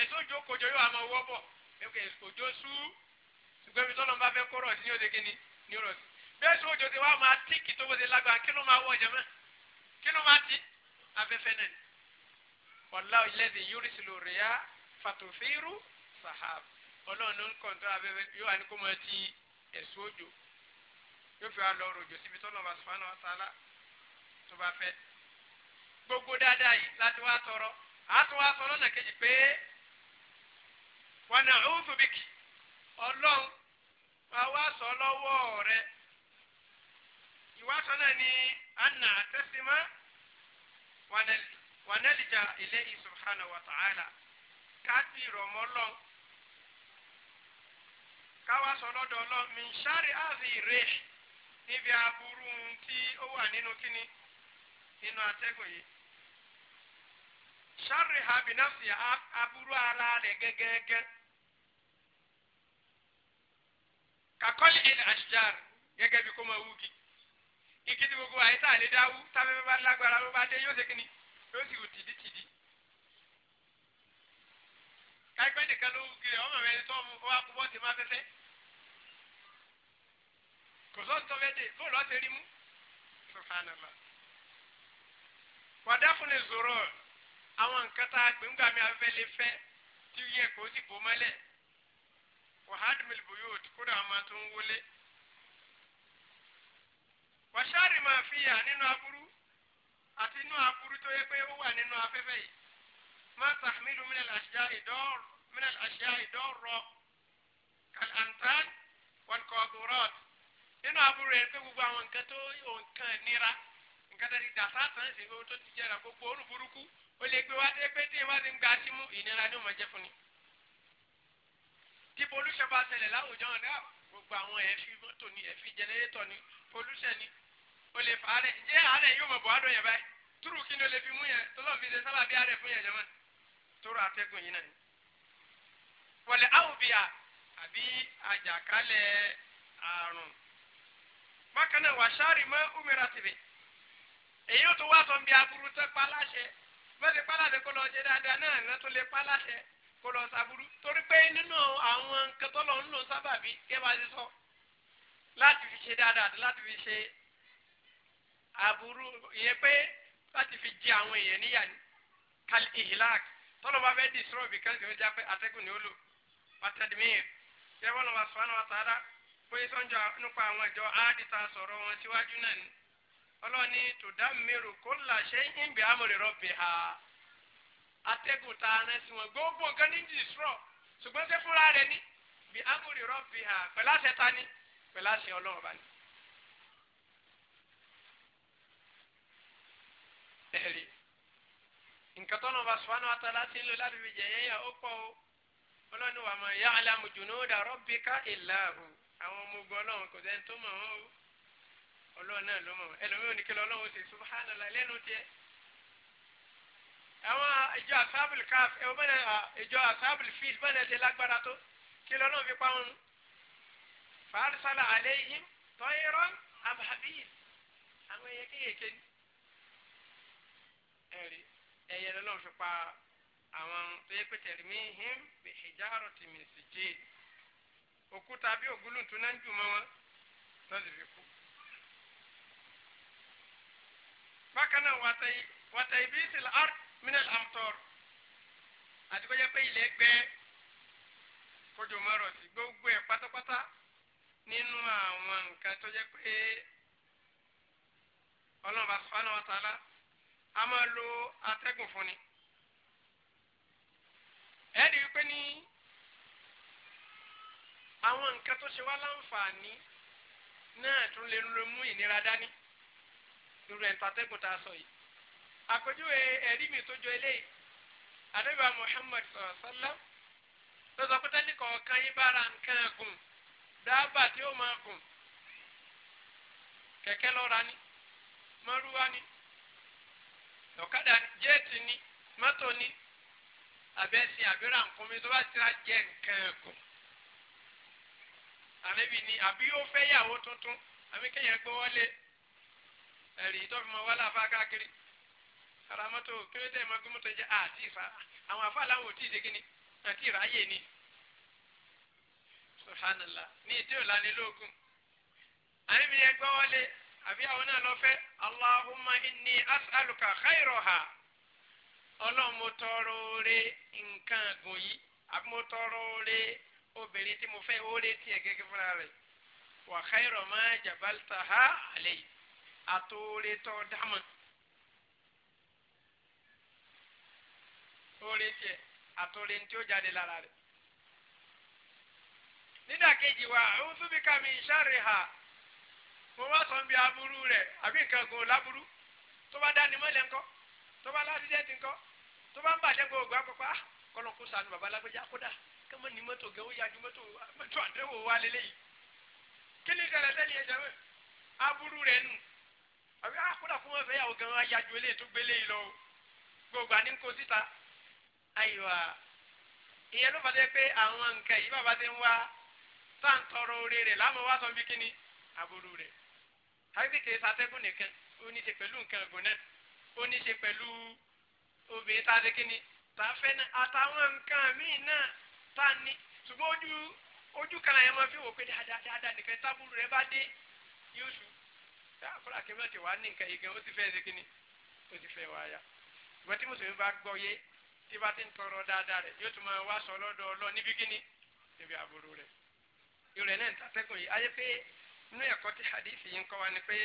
ẹ̀sùn òjò kòjọ yóò àmọ́ wọ́ bọ̀ ẹ̀kọ́ òjò sú ṣùgbọ́n ibi tọ́lọ́ bá fẹ́ kọ́rọ̀ sí ní òde kínní ní ọ̀rọ̀ sí. bẹ́ẹ̀ sún òjò ti wá máa tíìkì tó bóde lágbára kí ló máa wọ̀ jẹ́mọ́ kí ló máa ti afẹ́fẹ́ náà ni. wàlá ìlẹ́dì yorì sí lórí ya fàtòfẹ́rù sahab ọlọ́run ló ń kọ̀ǹtọ́ afẹ́fẹ́ yóò wá ní kó máa ti ẹ̀sùn òjò yóò fi wá lọ òjò síbi tọ́lọ́ bá sùn tó bá fẹ́ gbogbo dáadáa yìí láti wá tọrọ àá tún wá sọ lọ́nà kejì pé wa na'udhu biki ọlọ́run máa wá sọ lọ́wọ́ rẹ ìwásọ náà ni anna àtẹ́símá wa nalja ilayhi subhanahu wa ta'ala káàtì ìrọ̀mọ́ lọ́n káwá sọ lọ́dọ̀ lọ́n min shari àfi rè níbi aburú tí ó wà nínú kíni nínú atẹ́gùn yìí shari aburú ara rẹ̀ gẹ́gẹ́gẹ́. kakọ́lé ẹ̀dá àṣìjáàr gẹ́gẹ́ bí kò máa wú gi igi tí gbogbo àyè tá a lè dá wú tábẹ́bẹ́ bá lágbára ló bá dé yóò ṣe kíni yóò sì wù tìdítìdí. káìpẹ́ nìkan ló wú gi rẹ̀ ọmọ rẹ̀ tó ọmọ wa kú bọ́ọ̀tì máa fẹ́fẹ́ kò sóhun tó fẹ́ dé bóòlù ọ̀sẹ̀ rí mú subhanallah. wàdà fún ni zoro àwọn nǹkan tá a gbẹ̀ngbà mi afẹ́fẹ́ lè fẹ́ tí yẹ kó sì bò mọ́lẹ̀ وهدم البيوت كنا ما تنولي وشار ما فيها نينو أبرو أتنو أبرو تويبي هو نينو أففي ما تحمل من الأشياء دور من الأشياء دور كالأنتان والقاذورات nínú aburú yẹn pé gbogbo àwọn nǹkan tó nǹkan nira nǹkan tó ti dà sátán ìṣèwé tó ti jẹrà gbogbo olùburúkú ó lè gbé wá dé pé tí ìwádìí ń gba símú ìnira ni ó máa jẹ fún ni tí pollution bá ṣẹlẹ̀ láwùjọ náà gbogbo àwọn ẹ̀fí mọ́tò ni ẹ̀fí jẹnẹrétọ̀ ni pollution ni o lè fa àárẹ̀ jẹ́ àárẹ̀ yóò mọ̀ bọ́ àdó yẹn báyìí túrù kí ni o lè fi mú yẹn tọ́lọ́ fi ṣe sábà bí àárẹ̀ fún yẹn jẹ́mọ́ tóró atẹ́gùn yìí náà ni. wọlé àwùbíà àbí àjàkálẹ̀ àrùn bákan náà wàṣárì mọ́ umira tìbí èyí ó tún wá sọ bí aburú tẹ́ páláṣẹ bẹ́ẹ̀ ti páláṣẹ kó lọ jẹ dáadáa náà kó lọ sábúrú torí pé nínú àwọn nǹkan tó lọ ń lò sábàbí kẹ́ bá ti sọ láti fi ṣe dáadáa àti láti fi ṣe aburú ìyẹn pé láti fi jẹ àwọn èèyàn níyà ní kali ihilak tọ́lọ́ bá fẹ́ destroy bí kẹ́sì ó jẹ́ pé atẹ́gùn ni ó lò pàtẹ́dìmíyẹ ṣé wọ́n lọ bá sọ́nà wa tààrà bóyá sọ́njà nípa àwọn ìjọ áàdìta sọ̀rọ̀ wọn síwájú náà ni ọlọ́ni tòdá mérò kó làṣẹ ìgbé amòlérò bìhà atẹ́gùn tá a rán sí wọn gbogbo nǹkan ní dìstrọ̀ ṣùgbọ́n ṣé fúnra rẹ̀ ní bí amúrì rọ́ọ̀fì hà pẹ̀láṣẹ ta ni pẹ̀láṣẹ ọlọ́run bá ní. ẹ̀rí nǹkan tọ́nà bá sùn wọn àtàlà sí ló láti fi jẹ̀yẹ́ yà ó pọ̀ o ọlọ́ni wà máa ya'lamu junuda rabbika illa hu àwọn ọmọ ogun ọlọ́run kò sẹ́ni tó mọ̀ wọ́n o ọlọ́run náà ló mọ̀ ẹlòmíràn ní kí lọ́lọ́run ṣe subhanallah lẹ́nu tiẹ̀ àwọn ìjọ asábìlì káf ẹ̀wọ̀n bẹ́ẹ̀ ìjọ asábìlì fíl bẹ́ẹ̀ lè lágbára tó kí lọ́nà fi pa wọn. fàárísálà àléhìn tọ́yìnrọ́ ababil àwọn ẹyẹ kéèké ni. ẹ̀rí ẹyẹ lọ́nà fi pa àwọn tó yẹ pé tẹ̀rìmí him bí ìjárò ti mi sì jẹ́ òkúta bí ògúlù tó náà ń jù wọn tó fi kú. bákan náà wàtẹ̀ ìbí sí lọ́rùn minal amtor àti kọjá pé ilẹ̀ gbẹ kójú mọ́rọ̀ sí gbogbo ẹ̀ pátápátá nínú àwọn nǹkan tó jẹ́ pé ọlọ́run sọ́nà ọ̀tá la a máa lo atẹ́gùn fún ni. ẹ rí i pé ní àwọn nǹkan tó ṣe wá láǹfààní náà tún lè mú ìnira dání irú ẹ̀ ń ta atẹ́gùn tá a sọ yìí àpèjúwe ẹ̀rí mi tó jọ eléyìí àdébà Muhammad sọ̀rọ̀sọ́lá tó sọ pé tẹ́lẹ̀ kọ̀ọ̀kan yín bára nǹkan gùn dábà tí ó máa gùn kẹ̀kẹ́ lọ́ra ni mọ́rúwá ni ọ̀kadà ni jẹ́ẹ̀tì ni mọ́tò ni abẹ́sí àbírà nkúmi tó bá tira jẹ́ nǹkan gùn àlébi ni àbí yóò fẹ́ yàwó tuntun àbí kéèyàn gbé wọlé ẹ̀rí tó fi mọ wọlé afá káàkiri ara mọ́tò kí ló dé máa gbé mọ́tò jẹ́ àti ìfà àwọn àfa làwọn ò tí ì ṣe kíni àti ìráyè ni subhanallah ní ìdí òlà ni lóògùn àmì mi yẹn gbọ́ wọlé àbí àwọn náà lọ fẹ́ allahumma inni as'aluka khayraha ọlọ́run mo tọrọ nǹkan àgùn yìí àbí mo obìnrin tí mo fẹ́ oore tiẹ̀ gẹ́gẹ́ fúnra rẹ̀ wà khayra ma jabaltaha alayhi àtòore tọ́ dámọ̀. oore tiẹ̀ àtòrè tí ó jáde lára rẹ̀. nídàkejì wa òun tún bí kàmi ìṣàrè hà mo wá sọ bí aburú rẹ̀ àbí nǹkan gùn láburú tó bá dání mọ́lẹ̀ ńkọ́ tó bá ládìjẹ́ ti ńkọ́ tó bá ń bàjẹ́ gbogbo àpapọ̀ ah, kọ́nà kó sànù bàbá alágbèjà kódà kẹ́mọ́ ní mọ́tò gẹ́wó yájú mọ́tò mọ́tò àdéhùn wa lélẹ́yìí kí ni ìṣẹ̀lẹ̀ sẹ́yìn ẹ̀jẹ̀ mẹ́ aburú rẹ̀ nù àbí akódà ah, fún wọn fẹ́ yàwó gan-an yájú eléyìí tó gbélé yìí lọ gbogbo àní síta àyíwá ìyẹn ló fàdé pé àwọn nǹkan yìí bàbá ti ń wá sáǹtọrọ oore rẹ̀ láàmú wá sọ bí kíni aburú rẹ̀ tàbí kìí sàtẹ́gùn nìkan ó ní ṣe pẹ̀lú nǹkan ọ̀gbìn náà ó ní ṣe pẹ̀lú obìnrin tá a ṣe kíni tá a fẹ́ náà àtàwọn nǹkan míì náà tá a ní ṣùgbọ́n ojú ojú kan àyẹ̀mọ́ máa fi wò pé dáadáa dáadáa nìkan tábùrù rẹ̀ bá dé yóò ṣù tá a fọ́ra kí wọ́n ti wá ní nǹkan yìí gan ó ti fẹ́ ṣe kíni ó ti fẹ́ wáyà ìgbà tí mùsùlùmí bá gbọ́ yé tí bá ti ń tọrọ dáadáa rẹ̀ yóò tún máa wá sọ lọ́dọ̀ ọlọ́ níbi kíni níbi àbúrò rẹ̀ ìrẹ̀ náà tàtẹ́gùn yìí ayé pé inú ẹ̀kọ́ tí hadith yìí ń kọ́ wa ni pé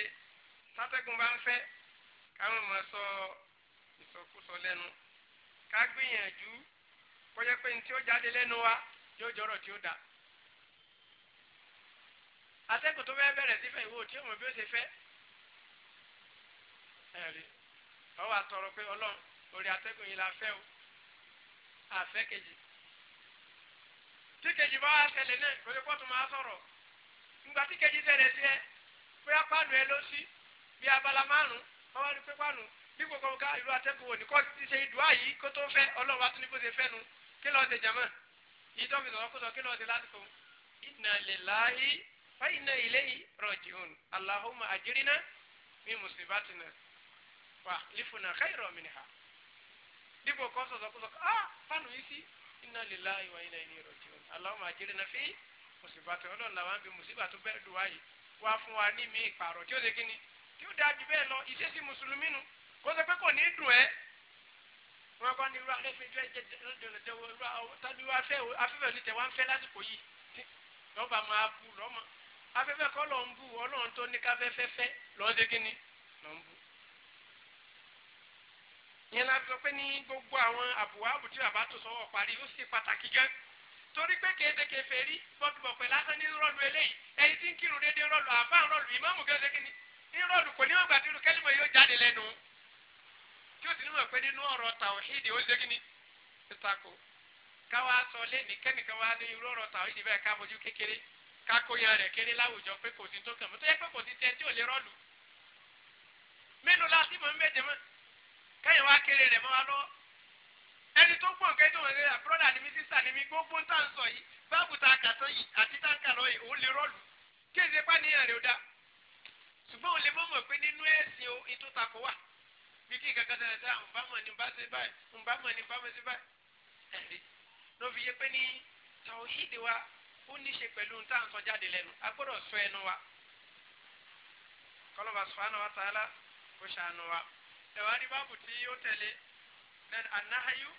tàtẹ́gùn bá ń fẹ́ káwọn ọmọ sọ ìsọkúsọ lẹ́nu ká gbìyànjú kọjá pé ní tí ó jáde lẹ́nu wa yóò jọrọ̀ tí ó dà atẹ́gùn tó fẹ́ bẹ̀rẹ̀ sífẹ̀ ìwò tí ọmọ bí ó ṣe fẹ́ ẹ̀rí ọwọ́ àtọ̀rọ̀ pé ọlọ́run orí atẹ́gùn yìí la fẹ́ o àfẹ́ kejì tí kejì bá wá ṣẹlẹ̀ náà kò lè pọ̀ tó máa sọ̀rọ̀ ìgbà tí kejì ṣẹlẹ̀ sí ẹ bóyá pánù ẹ ló sí bí abala márùn wọn wá pé pánù bí gbogbo ká ìlú atẹ́kùn wò ní kọ́ ti ṣe ìdùá yìí kó tó fẹ́ ọlọ́run atúní bó ṣe fẹ́ nu kí lọ́ọ́ ṣe jàmọ́ yìí tó fi sọ̀rọ̀ kó sọ kí lọ́ọ́ ṣe lásìkò inna lillahi wa inna ilayhi raji'un allahumma ajirina min musibatina wa akhlifna khayran minha dípò kọ́ sọ̀sọ̀ kó sọ ah fáànù yìí sí inna lillahi wa inna ilayhi raji'un Allahumma ajirna fi musibati ọlọ́run làwọn bí musiba tó bẹ́ẹ̀ dùn wáyé wá wa ní mi ìpààrọ̀ tí ó ṣe kíni tí ó dájú bẹ́ẹ̀ lọ ìṣesí mùsùlùmí nu kó sọ pé kò ní dùn ẹ́ wa kọ́ ni irú afẹ́fẹ́ jẹjẹrẹjẹwọ tàbí afẹ́fẹ́ ní tẹ̀ wá ń fẹ́ lásìkò yìí lọ́ba máa bu lọ́mọ afẹ́fẹ́ kọ́ lọ́n bu ọlọ́run tó ní káfẹ́fẹ́fẹ́ lọ́ọ́ ṣe kíni lọ́n bu ìyẹn la sọ pé ní gbogbo àwọn àbùwá àbùtí bàbá tó sọwọ́ parí ó ṣe pàtàkì gan torí pé kéékèèké fèrí bọ́kìbọ̀pẹ̀ lásán ní rọ́ọ̀lù eléyìí ẹni tí ń kírun déédéé rọ́ọ̀lù àbá rọ́ọ̀lù ìmáàmù gẹ́gẹ́ kí ni ní rọ́ọ̀lù kò ní ọgbà dúró kẹ́límọ̀ yóò jáde lẹ́nu tí ó ti nímọ̀ pé nínú ọ̀rọ̀ tàwíìdì ó ṣe kí ni ìtako káwa sọ lẹ́ni kẹ́nìkan wá ní irú ọ̀rọ̀ tàwíìdì bẹ́ẹ̀ ká mojú kékeré ká kóyan rẹ̀ kéré láwùjọ pé kò sí tó kàn mọ́ tó yẹ pé kò sí tẹ́ tí ò lè rọ́ọ̀lù mélòó la sí méje mọ́ kẹ́yìn wá kéré rẹ̀ mọ́ wa lọ́wọ́ ẹni tó gbọ̀n kẹ́yìn tó wọlé rà brọ́dà ni mi sísà ni mi gbogbo ń tà sọ yìí báàbù tá a kà sọ yìí àti tá a kà lọ yìí òun lè rọ́ọ̀lù kí èdè bá níyàn rẹ̀ ó ṣùgbọ́n òun lè mọ̀ mọ̀ pé nínú ẹ̀sìn o ètò takò wà bí kí kankan tẹ̀lé tẹ́ àwọn bámọ̀ ni bá ṣe báyìí òun bámọ̀ ni bá ṣe báyìí ẹ̀rí ló fi yẹ pé ní tàwíìdì wa ó ní ṣe pẹ̀lú ohun tá sọ jáde lẹ́nu a sọ ẹnu wa kọ́lọ́ba subhanahu wa ta'ala kó ṣàánú wa ẹ̀wárí báàbù tí ó tẹ̀lé then anahayu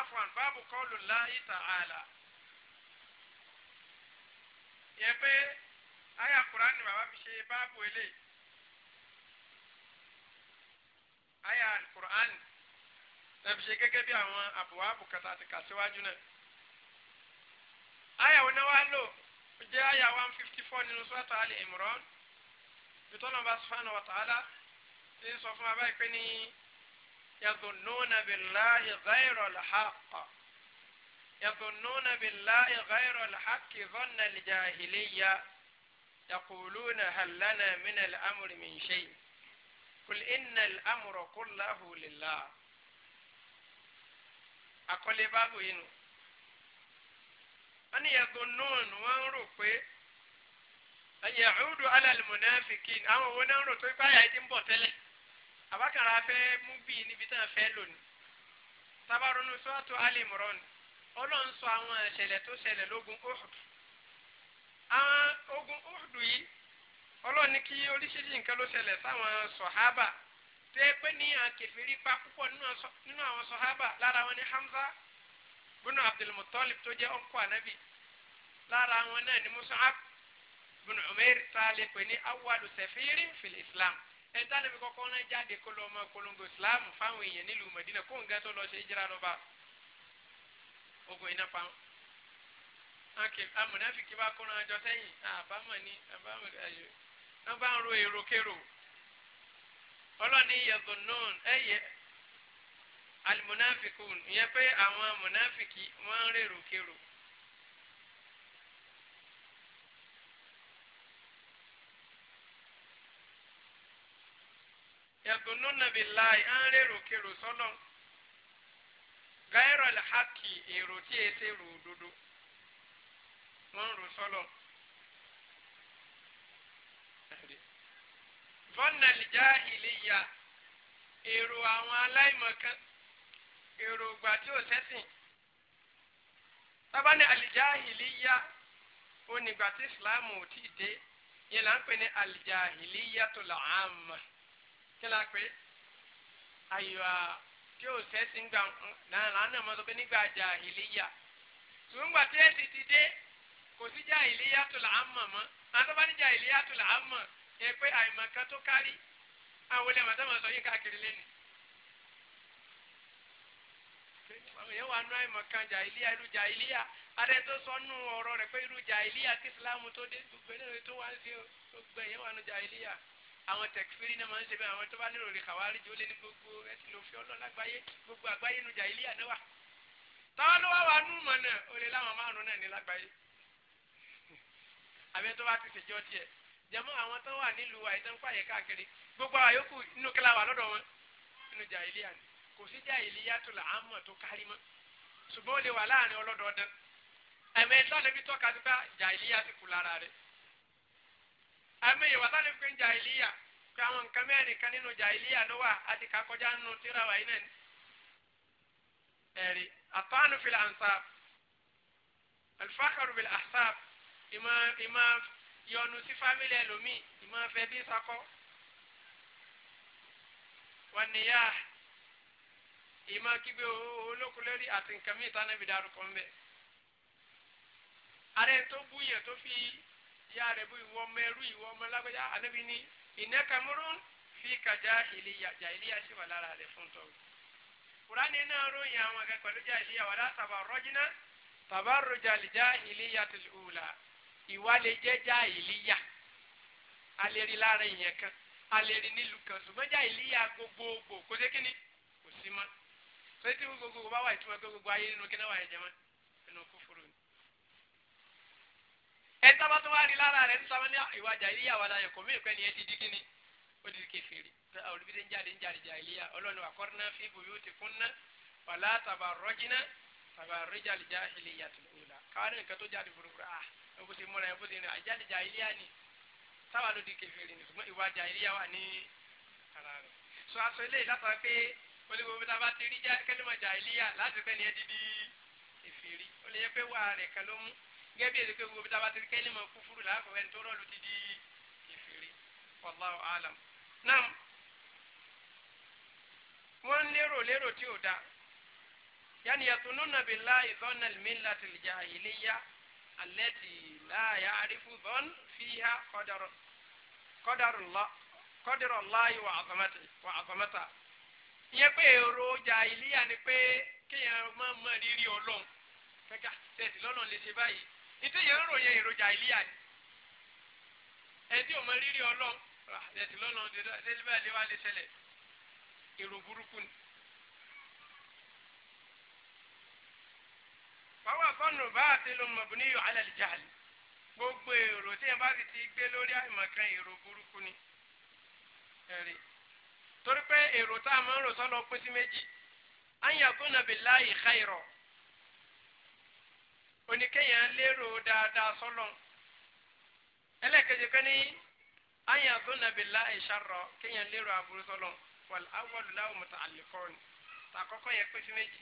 afwan báàbù kọlù láyé tààlà yẹ pé àyà Kùránì bàbá fi ṣe báàbù eléyìí àyà Kùránì lẹ́bi ṣe gẹ́gẹ́ bí àwọn àbùwá àbùkàtà àti kàṣíwájú náà àyà wọn náà wá lò jẹ́ Imran bí tọ́lọ́mọba Subhanahu wa ta'ala ti sọ fún wa báyìí pé ní yadhunnuna billahi ghayra al-haqq yadhunnuna billahi ghayra al-haqq dhanna al-jahiliyya yaquluna hal lana min al-amri min shay qul inna al-amra kullahu lillah àkọlé báàbò yìí nù wọ́n ní yadhunnun wọ́n ń rò pé ẹ̀yẹ̀ ọ̀húndù alal munafikin àwọn owó náà ń rò tó ipá yà á ti ń bọ̀ tẹ́lẹ̀ àbákàrà fẹ́ mú bíi níbi tán fẹ́ lónìí sábàrúnú sọ́ọ̀tù alimron ọlọ́run sọ àwọn ìṣẹ̀lẹ̀ tó ṣẹlẹ̀ lógun uhud àwọn ogun uhud yìí ọlọ́run ní kí oríṣiríṣi nǹkan ló ṣẹlẹ̀ sáwọn sọ̀hábà tó yẹ pé ní àkèfèrí pa púpọ̀ nínú àwọn sọ̀hábà lára wọn ní hamza bunu abdulmutalib tó jẹ́ ọkọ anabi lára wọn náà ní mus'ab bunu umair tá a lè pè ní awwalu safirin islam ẹ̀ńtà níbi kọ́kọ́ náà jáde kó lọ́ọ́ polongo islam fáwọn èèyàn nílùú Mẹ̀dínà kó nǹkan tó lọ́ọ́ ṣe ìjìrà lọ́ba ogun iná pa wọn. amúnáfíkì bá kóra ọjọ́ sẹ́yìn àbámọ̀ ni àbámọ̀ ẹ̀yọ́ wọ́n bá ń ro èrò kérò ọlọ́ni yẹ̀dùnún ẹ̀yẹ alimunafikun ìyẹn pé àwọn amúnáfíkì wọ́n ń rèrò kérò. yàtúnú nàbí láì á ń rèrò kèrò sọ́lọ́ gáírọ̀ làákì èrò tí e ṣe rò òdodo wọ́n ń rò sọ́lọ́. vọ́nà lìjà ìlíya èrò àwọn aláìmọ̀kan èrò ògbà tí ò sẹ́sìn tábàní àlìjà ìlíya onígbà ò tí ì dé yẹn là ń pè ní àlìjà tó là á kí la pé àyùwà tí ò sẹ́sìn gbà náà lánàá mọ́ sọ pé nígbà jàhílíyà ṣùgbọ́n gbà tí ẹ̀sìn ti dé kò sí jàhílíyà tó là á mọ̀ mọ́ àtọ́bá ní jàhílíyà tó là á mọ̀ yẹ pé àìmọ̀ kan tó kárí àwọn olè màtá màá sọ yín káàkiri lẹ́nu. èèyàn wà nú àìmọ̀ kan jàhílíyà irú jàhílíyà adé tó sọ nú ọ̀rọ̀ rẹ̀ pé irú jàhílíyà kí Islam tó dé gbogbo tó wá sí gbogbo èèyàn wà nú jàhílíyà àwọn tẹkifiri náà máa ń ṣe bẹ́ẹ̀ àwọn tó bá nírò rè kàwárí jù ó lé ní gbogbo ẹsìn lòfin ọlọ́lágbáyé gbogbo àgbáyé nu jà ilé àná wà táwọn ló wá wà nù mọ̀ náà ó lé láwọn márùn náà ní lágbáyé àbí tó bá ti ṣèjọ tiẹ̀ jẹmọ àwọn tó wà nílùú wa ìtàn káàkiri gbogbo àyókù inú kílà wà lọ́dọ̀ wọn inú jà ilé àná kò sí jà ilé yàtọ̀ là á mọ̀ tó kárí mọ́ ṣùgbọ́n ó lè wà láàrin ọlọ́dọọdún ẹ̀mẹ́ta àmì ìwà sáré fi ń jà ìlíyà pé àwọn nǹkan mẹ́rin kan nínú jà ìlíyà ló wà àti kakọjá nínú tíra wà yín náà ẹ̀rí àtọ́nù fìlà ansab alifákàrù fìlà ansab ìmọ̀ ìmọ̀ yọnu sí fámìlì ẹlòmíì ìmọ̀ fẹ́ bí sakọ́ wọn nìyà ìmọ̀ kígbe olókùn lórí àti nǹkan mìíràn tánàbí darúkọ ń bẹ̀. ààrẹ tó búyẹ̀ tó fi ìyá rẹ̀ bú ìwọ ọmọ ẹrú ìwọ ọmọ lágbẹ́já ànábì ní ìná kamurun fi kàjá ìlíyà jà ìlíyà sì wà lára rẹ̀ fún tọ́wọ́. kùránì náà ròyìn àwọn akẹ́kọ̀ọ́ pẹ̀lú jà ìlíyà wà láti tàbá rọ́jìnà tàbá rọjà ìjà ìlíyà tó wùlà ìwà lè jẹ́ jà ìlíyà kan alẹ́rí nílùú kan ṣùgbọ́n jà ìlíyà gbogbogbò kò sí kíni kò sí mọ́ sọ́yìn tí gbogbogbò bá wà ìtumọ̀ gbogbogbò ayé nínú kí náà wà ẹ̀jẹ̀ mọ́ ẹ̀ta bá tó wá rí lára rẹ̀ nítorí ní ìwà jàìlíyà wà láyọ̀ kò mí ìpẹ́ ni ẹ dídí kí ni ó di kẹfìrí olùbíde ń jáde ń jáde jàìlíyà ọlọ́ni wà kọ́rọ́nà fi buyutikunna wàlá tabarrajna tabarrijal jahiliyatil ula káwọn ní nǹkan tó jáde burúkú ah ó ti múra ẹ bó ti rìn àjáde jàìlíyà ni táwa ló di kẹfìrí ni ṣùgbọ́n ìwà jàìlíyà wà ní ara rẹ̀ sọ aṣọ eléyìí látara pé ni ẹ dídí kẹfìrí ó lè yẹ pé wàá rẹ̀ kan ló mú gẹ́gẹ́ bí èdè pé gbogbo bíi tabatiri kẹ́lí mọ̀ kúfúrú làákọ̀wé ní tóró lu ti di kẹfìrí wallahu alam. náà wọ́n ń lérò lérò tí ò da yanni yatununa billahi dhanna al-millati al-jahiliyya allati la ya'rifu dhann fiha qadara qadarullah qadarullahi wa 'azamata wa 'azamata ìyẹn pé èrò jahiliyya ni pé kéèyàn máa mọ rírì ọlọ́run kẹ́kẹ́ tẹ̀sí lọ́nà lè ṣe báyìí ìdí yẹn ń ròyìn èròjà ìlíyà ni ẹni ò mọ rírì ọlọ́run ẹ̀sìn lọ́lọ́run délẹ́bẹ̀ lé wa lè ṣẹlẹ̀ èrò burúkú ni. wàá fọ́nù bá a ti lo mọ̀bùnú yọ alẹ́ lìjàlè gbogbo èrò tí yẹn bá sì ti gbé lórí àìmọ̀kan èrò burúkú ni ẹ̀rí torí pé èrò tá a máa ń rò sọ́nà pín sí méjì an yakuna billahi khayro oníkéyàn lérò dáadáa sọ́lọ́n ẹlẹ́kẹ̀jẹ̀ kan ní àyàn tó nàbí láì ṣàrọ̀ kéyàn lérò aburú sọ́lọ́n wal awwalu lahu muta'alliqun tàkọ́kọ́ yẹn pé sí méjì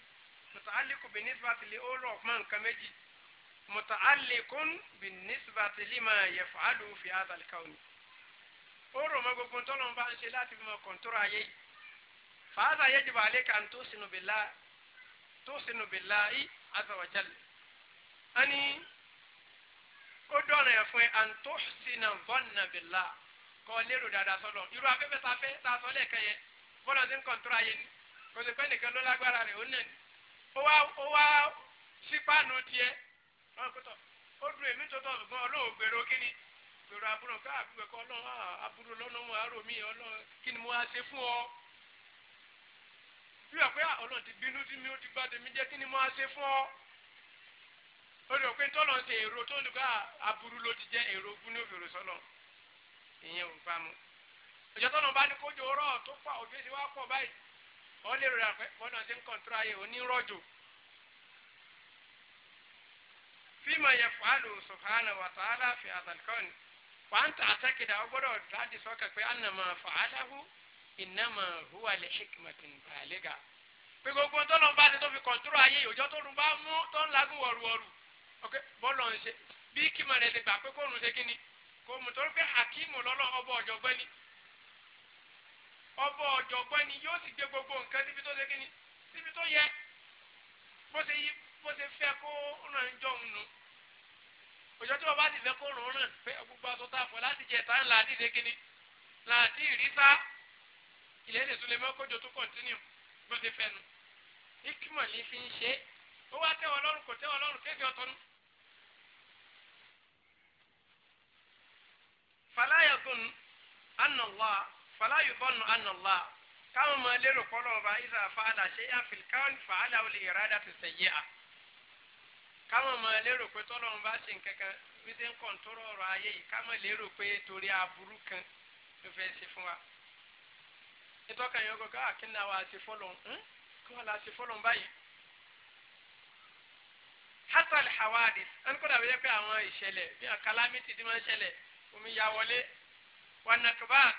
muta'alliqu bi nisbati li ó rọ̀ fún nǹkan méjì muta'alliqun bi nisbati lima yaf'alu fi hadhal kawni ó rọ̀ mọ́ gbogbo tọ́lọ́n bá ń ṣe láti fi mọ kọ̀ǹtọ́rọ̀ ayé fàáza yajibu alayka an tusinu billahi tusinu billahi azza wa jalla ani ní ó dọ̀nà ẹ̀ fún ẹ àǹtó sínà vọ́nà bìlà kọ́ lérò dáadáa sọ́dọ̀ irú afẹ́fẹ́ ta fẹ́ ta sọ lẹ́ẹ̀kan yẹn bọ́lá ti ń kọ̀ǹtọ́ra yẹn ni kò sì pẹ́ nìkan ló lágbára rẹ̀ ó nẹ̀ni ó wá ó wá sípàánù tiẹ̀ ọ̀nkútọ̀ ó dùn èmi tó tọ̀ ṣùgbọ́n ọlọ́run gbèrò kíni gbèrò àbúrò ká àbúrò kọ́ ọlọ́run àbúrò lọ́nà wọn àrò mi ọlọ́run kí ni mo wá ṣe fún ọ bí wà pé ọlọ́run ti bínú sí mi ó ti gbá tèmi jẹ́ kí ni mo wá fún ọ ó lè pé tọ́lọ̀ ń ṣe èrò tó ń gbà ah, aburú ló ti jẹ́ èrò ogún ní òfèrè sọ́lọ̀ ìyẹn ò bá mu ọjọ́ tọ́lọ̀ bá ní kójú rọ̀ tó pa òjò ti wá pọ̀ báyìí wọ́n lè rà pé bọ́dọ̀ ṣe ń kọ̀ǹtúrà yẹ onírọ̀jò fíìmù yẹ fàálù subhanahu wa ta'ala fi àtàlùkọ́ni fàǹtà àtẹ́kìdá ọgbọ́dọ̀ dáàdì sọ́kà pé ànàmà fàáláhù ìnàmà hùwà lè hikmatin bàlẹ́gà pé gbogbo tọ́lọ̀ bá ti tó fi kọ̀ǹtúrà yẹ òjò tó ń bá mú tó ń lagún wọ̀rùwọ̀rù ok bọ́ọ̀lù ọ̀hún ṣe bí kìmọ̀ rẹ̀ lè gbà pé kóòrùn ṣe kí ni kò mú torí pé àkíìmù lọ́lọ́ ọbọ̀ ọ̀jọ̀gbọ́n ni ọbọ̀ ọ̀jọ̀gbọ́n ni yóò sì gbé gbogbo nǹkan síbi tó ṣe kí ni síbi tó yẹ bó ṣe yí bó ṣe fẹ́ kó ràn jọ nù òjò tí wọ́n bá ti fẹ́ kó ràn ràn pé gbogbo aṣọ tá a fọ láti jẹ tá ńlá àti ìdẹ́kíní láti ìrísá ìlẹ́sẹ̀ tó lè mọ́ kójọ tó kọ̀ntínú bó ṣe fẹ́ nu ikimọ̀ ní fi ń ṣe é ó wá tẹ́wọ́ lọ́rùn kò tẹ́wọ́ lọ́rùn kéde ọ̀tọ́nu. fala yakun anna Allah fala yubọnu anna Allah káwọn máa lérò kọlọ ọba iza fa'ala shay'an fil kawn fa'ala li iradati sayyi'a káwọn máa lérò pé tọ́lọ́run bá ṣe nǹkankan bí ṣe ń kọ̀ǹtọ́rọ̀ ọ̀rọ̀ ayé yìí káwọn lérò pé torí aburú kan ló fẹ́ ṣe fún wa ìtọ́kàn yẹn gbọ́dọ̀ àkínní ah, àwa àti fọlọ́n hm? kí wọ́n la ṣe fọlọ́n báyìí hatta al hawadith ẹni kó dàbí yẹ pé àwọn ìṣẹ̀lẹ̀ bí àwọn calamity ti máa ń ومن يولي والنكبات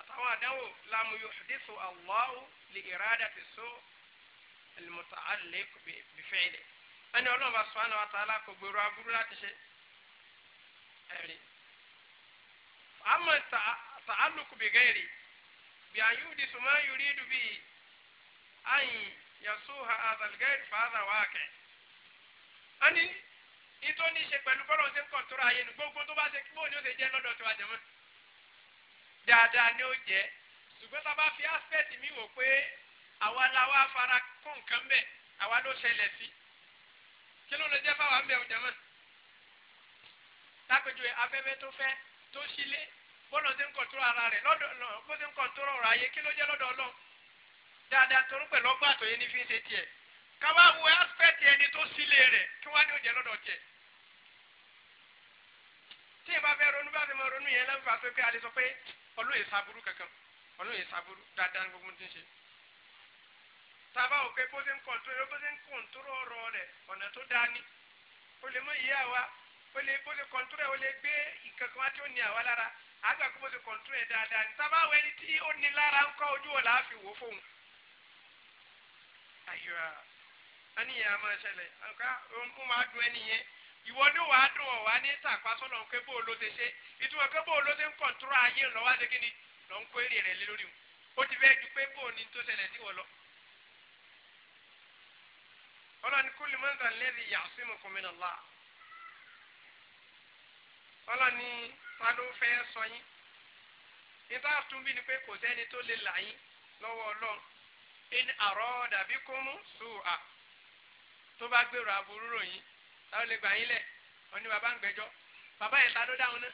أتوا دو لم يحدث الله لإرادة السوء المتعلق بفعله لك أنا أقول لك أنا أقول لك أنا أقول لك أنا أقول لك أنا أقول لك أنا أقول لك أنا أقول لك أنا ìtò ní ṣe pẹ̀lú bọ́lọ̀ ṣe ń kàn tó ra ayé nu gbogbo tó bá ṣe kí bóyá ó ṣe jẹ́ lọ́dọ̀ tó wájà mọ́. dáadáa ni ó jẹ́ ṣùgbọ́n tá a bá fi aspect mi wò pé àwa la wá fara kó nǹkan bẹ́ẹ̀ àwa ló ṣẹlẹ̀ sí kí ló lè jẹ́ fáwa ń bẹ̀ ọ̀jà mọ́. lápẹjọ afẹ́fẹ́ tó fẹ́ tó ṣílé bọ́lọ̀ ṣe ń kàn tó ara rẹ̀ lọ́dọ̀ bó ṣe ń kàn tó rọrọ̀ ayé kí ló jẹ́ lọ́dọ̀ ọlọ́run dáadáa torí pẹ̀lú ọgbà àtọ̀yẹ́ ní fi ń ṣe tiẹ̀ káwá wo aspect ẹni tó sílé rẹ̀ kí wọ́n á ní òjẹ́ lọ́dọ̀ tiẹ̀ tí ẹ bá fẹ́ ronú bá fẹ́ mọ ronú yẹn lẹ́nu fàṣẹ pé a lè sọ pé olóyè sábúrú kankan olóyè sábúrú dáadáa ní gbogbo ti ń ṣe. tábà ò pé bóse ń kọ̀ntóró bóse ń kọ̀ntóró ọ̀rọ̀ rẹ̀ ọ̀nà tó dáa ni o lè mọ ìyá wa o lè bóse kọ̀ntóró ẹ̀ o lè gbé ìkankan wá tí ó ní àwa lára àgbà kó bóse kọ̀ntóró ẹ̀ dáadáa ni tábà wẹ́ni tí ó ní lára ń kọ́ ojú ọ̀la àfi wò fóun. àyọ̀ àníyàn máa ṣẹlẹ̀ nǹkan ó máa dùn ìwọ ni wàá dùn ọ wá ní tàpá sọlọ ń pé bó ló ti ṣe ìtumọ̀ pé bó ló ti ń kọ̀ǹtúrọ̀ ayé lọ́wọ́ ṣe kíni lọ́ ń kó èrè rẹ̀ lé lórí wọn ó ti fẹ́ ju pé bó ni tó ṣẹlẹ̀ sí wọ́n lọ. ọlọ́ni kúlì mọ́tà lẹ́bi yàtúmù kùmínà lá ọlọ́ni ta ló fẹ́ sọ yín níta tún bí ni pé kò sẹ́ni tó lè là yín lọ́wọ́ ọlọ́run in àrọ́ dàbí kó mú sùúrà tó bá gbèrò aburú ròyìn táwọn lè gbà yín lẹ̀ wọ́n ní bàbá ń gbẹ́jọ́ bàbá yẹn ta ló dáhùn náà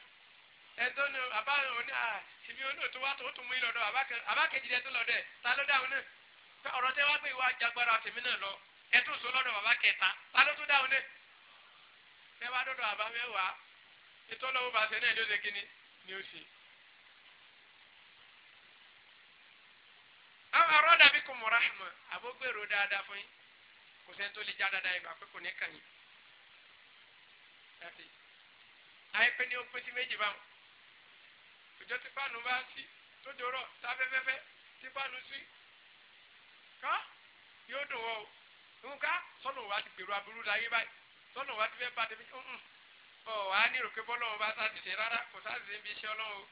ẹ̀tọ́ ni bàbá òní à ìbí òní òtún wá tó tún mú ìlọ́dọ̀ bàbá kejì rẹ̀ tó lọ́dọ̀ ta ló dáhùn náà ọ̀rọ̀ tẹ́ wá pé ìwà jagbara tèmi náà lọ ẹ̀tún sọ lọ́dọ̀ bàbá kẹta ta ló tún dáhùn náà tẹ́ wá dọ́dọ̀ bàbá mẹ́wàá ìtọ́lọ́wọ́ bàṣẹ náà ló ṣe kíni ni ó ṣe. àwọn arọ́dà bí kò mọ̀ rahma àbógbèrò dáadáa fún yín kò sẹ́ni lè já dáadáa ìgbà pé kò ní kàn yín ẹsẹ àìpẹ ní okun sí méjì báwọn òjò tí fáànù bá sí tó dòrọ sáfẹ́fẹ́fẹ́ tí fáànù sí ká yóò dùn wọ́ o nǹkan sọ́nà wa ti gbèrò aburú láyé báyìí sọ́nà wa ti fẹ́ bá débi ọ̀ wá ní ìròkè bọ́ lọ́wọ́ bá sáà ti ṣe rárá kò sáà ti ṣe ń bí iṣẹ́ ọlọ́run o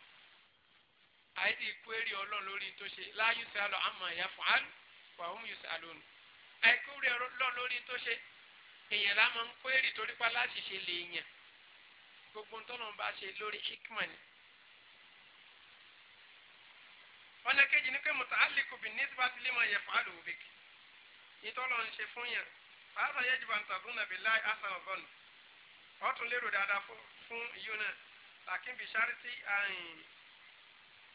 àìdí ikú eré ọlọ́run lórí tó ṣe láyé sálọ àmọ̀ ẹ̀yà fún àlù wàhùn yìí sálọ nù àìkú eré ọlọ́run lórí tó ṣe èèyàn la máa ń kó èrè torí pa láti ṣe lè yàn gbogbo ntọ́nà bá ṣe lórí hikman. ọ̀nà kejì ni pé mutaalliku bin nisbati lima yaf'alu bik ìtọ́lọ̀ ń ṣe fún yàn fàáza yajibu an tazunna billahi hasana zann ọ̀tún lérò dáadáa fún yónà lakin bi sharti àyìn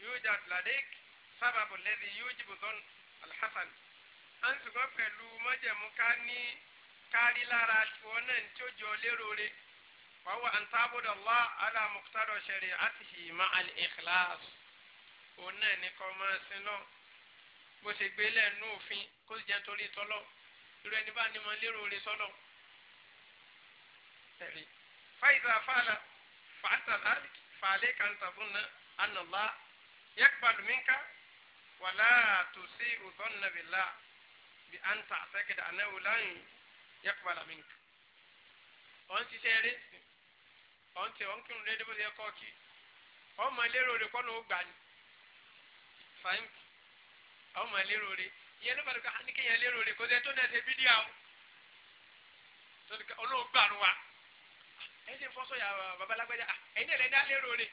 yujad ladayk sababu alladhi yujibu zann alhasan. à ń ṣùgbọ́n pẹ̀lú mọ́jẹ̀mú ká ní kárí lára tiwọn náà ní tí ó jọ lérò rẹ wàhùn àǹtàbọ̀dọ̀ lọ aláàmùkútàdọ̀ ṣẹlẹ̀ àti ìmọ̀ al-ikhlas òun náà ní kọ́ máa sin lọ bó ṣe gbé lẹ́nu òfin kó sì jẹ́ torí tọ́lọ́ irú ẹni bá ní mọ lérò rẹ sọ́lọ́ tẹ̀lé fáìdà fàlà fàtàlá fàlẹ́ kàńtàbọ̀nà ànàlá yẹ́kpàlù mínká wàlá tòsí òzọ́nàbìlá bí à ń tà sẹ́kẹ̀dà náà wò láyìn yaqbala mink ọ̀n ti ṣe eré sìn ọ̀n tẹ ọ̀n kírun déédéé bó ti yẹ kọ́ kí ọmọ lérò rẹ kọ́nà ó gbà ní fàáyìn ọmọ lérò rẹ ìyẹn ló bá dùkọ́ àníkéyàn lérò rẹ kó sẹ́ tó náà ṣe bídíà o tó dùkọ́ olóògbà nu wa ẹ ṣe fọ́sọ̀ yà babalágbẹ́jà ẹ̀yin ẹ̀lẹ́dá lérò rẹ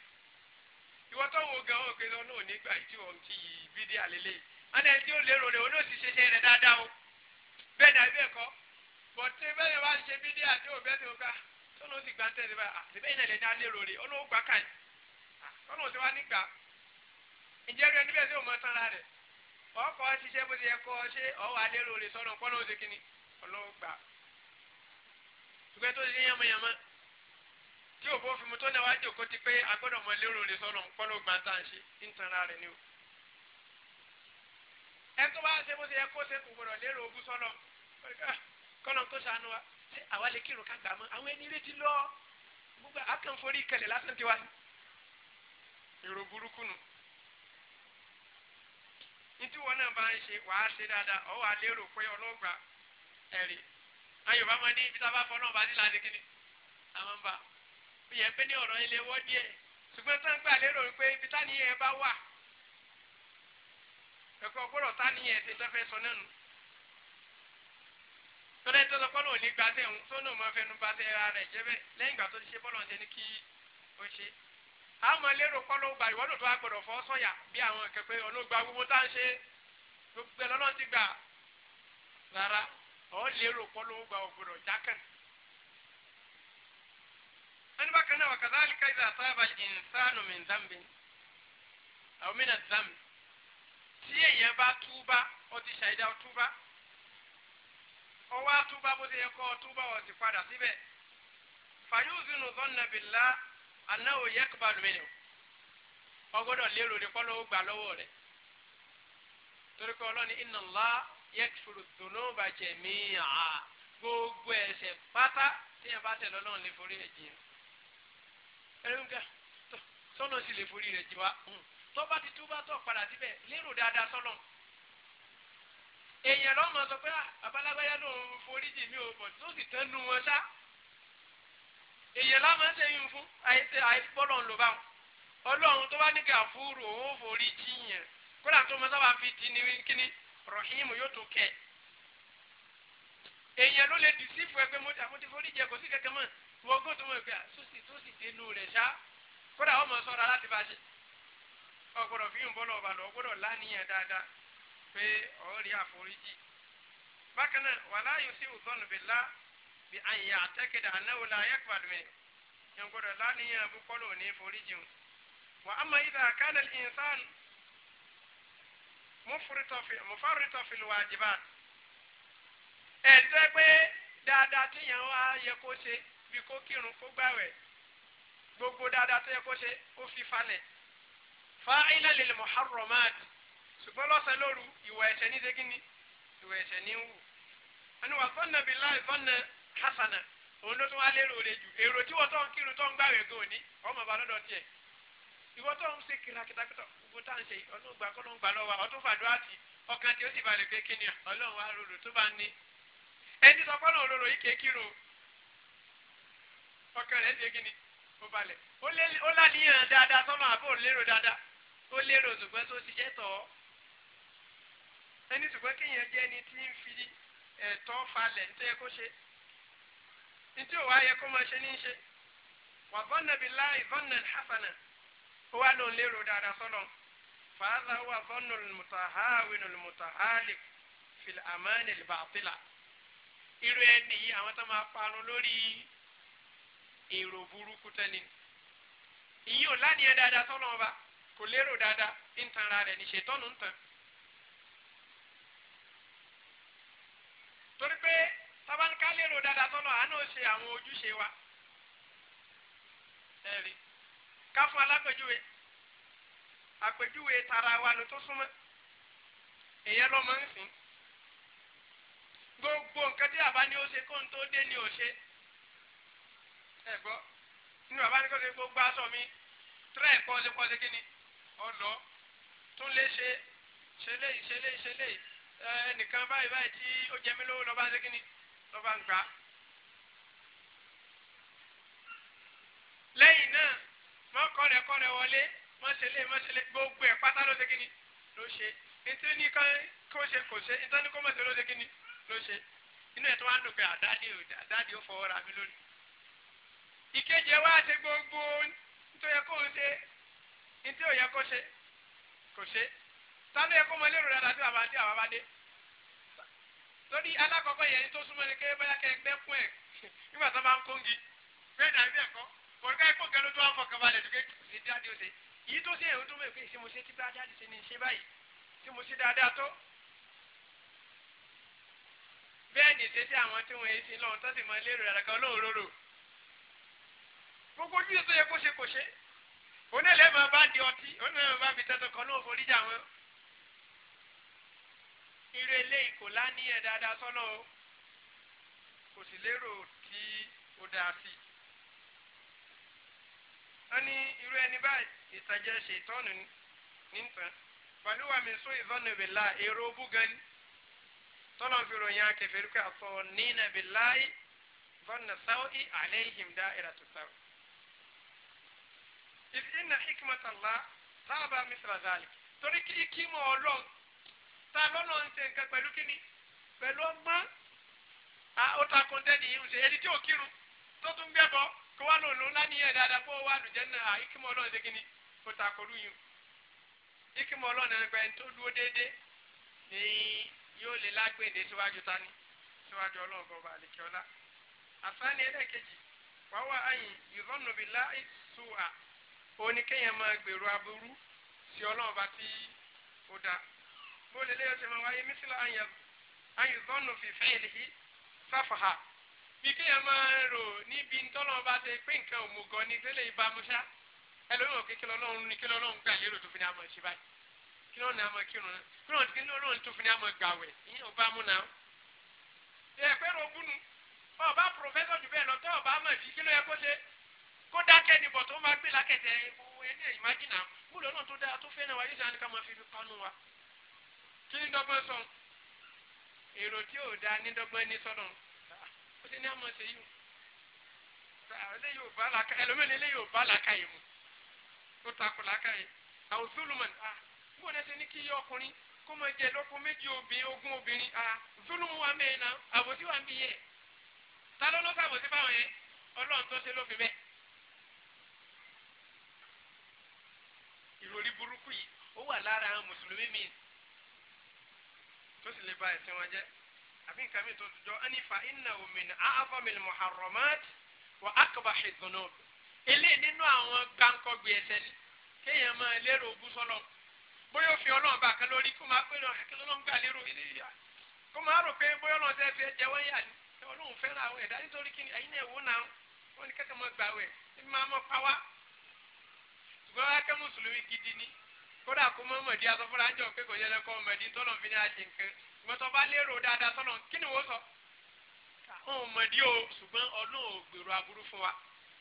ìwọ tó wo gan o kele ọ̀nà òní gba ìtí wọn ti yí bídí àlélẹ́ yìí ẹni tí ó lérò rẹ̀ òun ó sì ṣe ṣe rẹ̀ dáadáa o bẹ́ẹ̀ ni àbí ẹ̀kọ́ bọ̀tí bẹ́ẹ̀ wá ṣe bí dé àti òbẹ́ tó gbà tó ló sì gbà ń tẹ̀lé báyìí àti bẹ́ẹ̀ nílẹ̀ ní alẹ́ rò rè olówó gbà kàn yín ọlọ́run ti wá nígbà ìjẹ́ rẹ níbẹ̀ tí ò mọ tán ra rẹ̀ ọkọ̀ ṣiṣẹ́ bó ti yẹ kọ́ ṣé ọwọ́ alẹ́ rè sọ̀rọ̀ nǹkan lóun ṣe kínní olówó gbà ṣe yánmọ́yánmọ́ tí òbó fi mu tó náà o ẹ tó bá ṣe bó ṣe yẹ kó ṣe kò gbọdọ̀ lérò ogún sọ́lọ́ kọ́nà kó sànù wa ṣé àwa lè kírun ká gbà mọ́ àwọn ẹni retí lọ gbogbo akànforí kẹlẹ̀ lásán tiwa èrò burúkú nù nítorí wọn náà bá ń ṣe wàá ṣe dáadáa ọ wà lérò pé ọlọ́gbà ẹ̀rí ayò bá máa ní ibi tá a bá fọ náà bá nílà ní kíni àwọn ń bá yẹ pé ní ọ̀rọ̀ ilé wọ́ díẹ̀ ṣùgbọ́n tán gbà lérò pé ibi tá nìyẹn bá wà ẹ̀kọ́ gbọ́dọ̀ tá nìyẹn ti tẹ́fẹ́ sọ náà nù tọ́lá tó lọ́kọ́ lòun ní gbàtẹ́ òun tó lòun máa fẹnu bàtẹ́ ara rẹ̀ jẹ́ bẹ́ẹ̀ lẹ́yìn ìgbà tó ti ṣe bọ́ọ̀lù ọ̀jẹ́ ní kí ó ṣe. àwọn ọmọ lérò kọ́ ló gbà ìwọ́n lòdò wa fọ́ sọ̀yà bí àwọn nǹkan ọlọ́gba gbogbo tá à ń ṣe gbogbo ẹ̀ ti gbà rárá ọ̀ lérò kọ́ ló gbà ògbòdò jákàn. ẹni bá kan wàkàtà àlìkà ìdá ọwọ́ àtúbà bó ti yẹ kọ́ ọtúbà wọ́n ti padà síbẹ̀ fàyúzùnù zọ́nàbìlá anáwó yẹ́kùbàlùmínú ọgbọ́dọ̀ lérò rẹ̀ kọ́ lọ́wọ́ gbà lọ́wọ́ rẹ̀ torí pé ọlọ́ni iná ńlá yẹ́kùfùrù dùnú bàjẹ́ míà gbogbo ẹ̀ṣẹ̀ pátá tí bá tẹ̀ lọ́lọ́run lè forí rẹ̀ jì yẹn ẹ̀rọ sì lè forí rẹ̀ jì wá hmm. tó ti túbà tó padà síbẹ̀ lérò dáadáa sọ́lọ́run èèyàn lọ́mọ sọ pé ah, babalágbáyá lòun forí jì mí ò bọ̀ tó sì tán nu wọn ṣá èèyàn láwọn máa ń sẹ́yìn fún àìsíbọ́lọ̀ ń lò bá wọn ọlọ́run tó bá ní kí àfúrò òun forí jì yẹn kódà tó mọ sábà fi ti ní kíní rọ̀hìmù yóò tún kẹ́ èèyàn ló lè dìísí fún ẹ pé mo ti forí jẹ kò sí kankan mọ́ wọ́n gbọ́dọ̀ tó mọ̀ pé sósì ah, tó sì dénú rẹ̀ ṣá kódà ọmọ sọ̀rọ̀ aláàtìbáṣe ọgbọ́dọ̀ fi ń bọ́lọ̀ ọ̀bàlọ̀ ọgbọ́dọ̀ láníyàn dáadáa pé ọ̀rí àforíjì bákan náà wàlá yóò sí ìdọ́nù bìlá bí àyè àtẹ́kẹ̀dà anáwó la yẹ́kùbàdù mi yẹn gbọ́dọ̀ láníyàn abúkọ́ lò ní foríjì o wà á mọ ìdá kánà ìnsán mufáritọ́fì lùwàjìbá ẹ̀dẹ́ pé dáadáa tí yẹn wá yẹ kó ṣe bí kó kírun kó gbàwẹ̀ gbogbo dáadáa tó yẹ kó ṣe ó fi falẹ̀ fa'ila lil muharramat ṣùgbọ́n lọ́sàn-án lóru ìwà ẹ̀ṣẹ̀ ní ṣe kínní ìwà ẹ̀ṣẹ̀ ní wù. ẹni wà sọ́nà bíi láì sọ́nà hasana òun ló tún wá lérò rẹ jù èrò tí wọ́n tó ń kírun tó ń gbàwé gan òní ọmọ bá lọ́dọ̀ tiẹ̀ ìwọ́n tó ń ṣe kìlà kìtàkìtà gbogbo tá à ń ṣe ọdún gbà kọ́ ló ń gbà lọ́wọ́ ọdún fàdúrà tì ọkàn tí ó sì balẹ̀ pé kíni ọlọ́run wá rorò tó bá ní ẹni sọ fọ́nà òróró yìí kéé kírun ọkàn rẹ̀ ṣe kíni ó balẹ̀ ó láníyàn dáadáa sọ́nà àbó lérò dáadáa ó lérò ṣùgbọ́n tó ṣiṣẹ́ tọ̀ ọ́ ẹni ṣùgbọ́n kéèyàn jẹ́ ẹni tí ń fi ẹ̀tọ́ falẹ̀ ní tó yẹ kó ṣe ní tí òwò ayẹ kó máa ṣe ní í ṣe wà bọ́nà bí láì bọ́nà hasana ó wá lóun lérò dáadáa sọ́lọ̀ fàáza wà bọ́nà mùtàháwìn mùtàhálì fìlà àmánì bàtìlà irú ẹni yìí àwọn tó máa parun lórí èrò burúkú tẹ́ni ìyí ò lánìyàn dáadáa sọ́lọ̀ ọba kò lérò dáadáa ń tanra rẹ̀ níṣẹ́ tọ́nu ń tàn. torí pé sábàǹkà lérò dáadáa tọ́lọ̀ àánú ṣe àwọn ojúṣe wa ẹ̀rí ká fún alápèjúwe àpèjúwe tara wa ló tó súnmọ́ èyẹ lọ máa ń sìn gbogbo nǹkan tí bàbá ní ó ṣe kó n tó dé ni ò ṣe ẹ gbọ́ nínú bàbá ní kó ṣe gbogbo aṣọ mi tẹ́lẹ̀ pọ́sepọ́se kí ni ọ̀lọ́ tún lè ṣe ṣe léyìí ṣe léyìí ṣe léyìí ẹnìkan báyìí báyìí tí ó jẹ mí lówó lọ́ba ṣe kíni lọ́ba ń gbà. lẹ́yìn náà mọ́ kọ́lẹ̀kọ́lẹ̀ wọlé mọ́ ṣẹlẹ̀ mọ́ ṣẹlẹ̀ gbogbo ẹ̀ pátá ló ṣe kíni ló ṣe nítorí ní kó ṣe kò ṣe nítorí kó mọ̀ ṣe ló ṣe kíni ló ṣe inú ẹ̀ tó wá ń dùn pé àdáde ò àdáde ó fọwọ́ ra mi lónìí. ìkejì ẹ wá ṣe gbogbo nítorí ẹ kó ṣe nítorí ò yẹ kó ṣe kò ṣe sálọ yẹ kó mọ lérò dáadáa tí bàbá dé àwọn bá dé torí alákọ̀ọ́kọ́ yẹn tó súnmọ́ ni kẹ́ bóyá kẹ́ gbẹ́ fún ẹ̀ nígbà tó máa ń kóngi bẹ́ẹ̀ náà bí ẹ̀kọ́ kọ̀ọ̀ká ẹ̀kọ́ kẹ́ló tó wà fọ̀ kaba lẹ̀ dùkẹ́ ṣe dáadé o ṣe yìí tó ṣe èrò tó mẹ́fẹ́ ṣe mo ṣe tí bá dáadé ṣe ni ṣe báyìí ṣe mo ṣe dáadáa tó. bẹ́ẹ̀ ni ṣe sí àwọn tí wọ́n ṣe lọ́wọ́ tó sì mọ lérò rẹ̀ kan lóòróró gbogbo ojú tó yẹ kó ṣe kò ṣe onílẹ̀ máa bá di ọtí onílẹ̀ máa bá fi tẹ́tọ̀ kan lóòforíjà wọn irú eléyìí kò láníyàn dáadáa sọ́nà o kò sì lérò tí ó dáa sí i. wọ́n ní irú ẹni báyìí ìtajà ṣètọ́nù nìtàn balùwà mi sún ìzọ́nù bìlá èrò búgan tọ́nà fi ròyìn akẹfẹ́ rúkẹ́ àtọ̀ nínà bìlá ìzọ́nù sáwọ́ì àlẹ́yìn dá ìràtú sáwọ́. ìdí iná hikmatan sábà mísìlá zálì torí kí kí mọ́ ta lọ́nà ń ṣe nǹkan pẹ̀lú kíni pẹ̀lú ọmọ ó ta kọ́ńtẹ́ nìyí ń ṣe tí ò kírun tó tún gbẹ́bọ kó wá dáadáa kó wá lùjẹ́ náà ìkímọ̀ ọlọ́run ṣe kíni ta ìkímọ̀ ọlọ́run tó dúró déédé ni yóò lè lágbèdè síwájú tani síwájú ọlọ́run wà áyìn ìrọ́nùbílá ìṣùwà oníkéyàn máa gbèrò aburú sí ọlọ́run bá tí ó bó lè léyọ̀ ṣe máa wáyé mísílà ayùdọ́nù fìfẹ́ ìlìhí sáfàhà bí kéèyàn máa ń rò níbi ntọ́lọ́wọ́ bá ti pín nǹkan òmùgọ̀ ní tẹ́lẹ̀ ìbámuṣá ẹlòmíràn kí kílọ̀ lọ́run ní kílọ̀ lọ́run gbà lérò tó fi ní àmọ̀ ṣe báyìí kílọ̀ ní àmọ̀ kírun náà kílọ̀ ní kílọ̀ lọ́run tó fi ní àmọ̀ gbàwẹ̀ ìyẹn ò bá mú náà. ẹ pẹ́ ro búnu ọba pòfẹ́sọ̀ jù bẹ́ẹ̀ lọ tọ́ ọba mọ̀ sí kílọ̀ yẹ kó ṣe kó dákẹ́ ni bọ̀ tó máa gbé lákẹ̀tẹ̀ kí ní dọ́gbọ́n sọ èrò tí ò da ní dọ́gbọ́n ní sọ́nà ó ti ní àmọ́ ṣe yìí eléyìí ò bá làákà ẹlòmíràn eléyìí ò bá làákà yìí mu ó takò làákà yìí àwọn zulumani a bó ní ẹsẹ ní kí yẹ ọkùnrin kó máa jẹ lọ́kọ méjì obìnrin ogún obìnrin a zulumu wa mẹ́rin náà àbòsí wa ń bí yẹ ta ló lọ́ sàbòsí báwọn yẹn ọlọ́run tó ṣe ló fi bẹ́ẹ̀. ìròrí burúkú yìí ó wà lára àwọn mùsùlùmí mi tó sì lè ba ẹ̀sìn wọn jẹ́ àbí nǹkan mi tó jọ ẹni fa iná min a'zami al-muharramat wa akbahi adh-dhunub ilé nínú àwọn gbáǹkọ́gbé ẹsẹ̀ ni kéèyàn máa lérò ogún sọ́lọ́ bóyá òfin ọlọ́run bá kan lórí kó máa pé lọ kí lọ́n gbà lérò ilé yà kó máa rò pé bóyá ọlọ́run tẹ́ fẹ́ jẹ́ wọ́n yà ni ọlọ́run fẹ́ràn àwọn ẹ̀dá nítorí kí ẹ̀yin náà wò náà wọ́n ní kẹ́kẹ́ mọ́ gbà wẹ̀ ẹ̀mí máa mọ́ pa wá ṣùgbọ́n akẹ́ mùsùlùmí gidi ni kódà kó mọ́ mọ̀dí aṣọ fúnra ń jọ pé kò yẹlẹ kọ́ mọ̀dí tọ́lọ̀ fi ní àṣẹ nǹkan mọ́tọ́ bá lérò dáadáa tọ́lọ̀ kí ni wọ́n sọ. àwọn mọ̀dí o ṣùgbọ́n ọlọ́run ò gbèrò aburú fún wa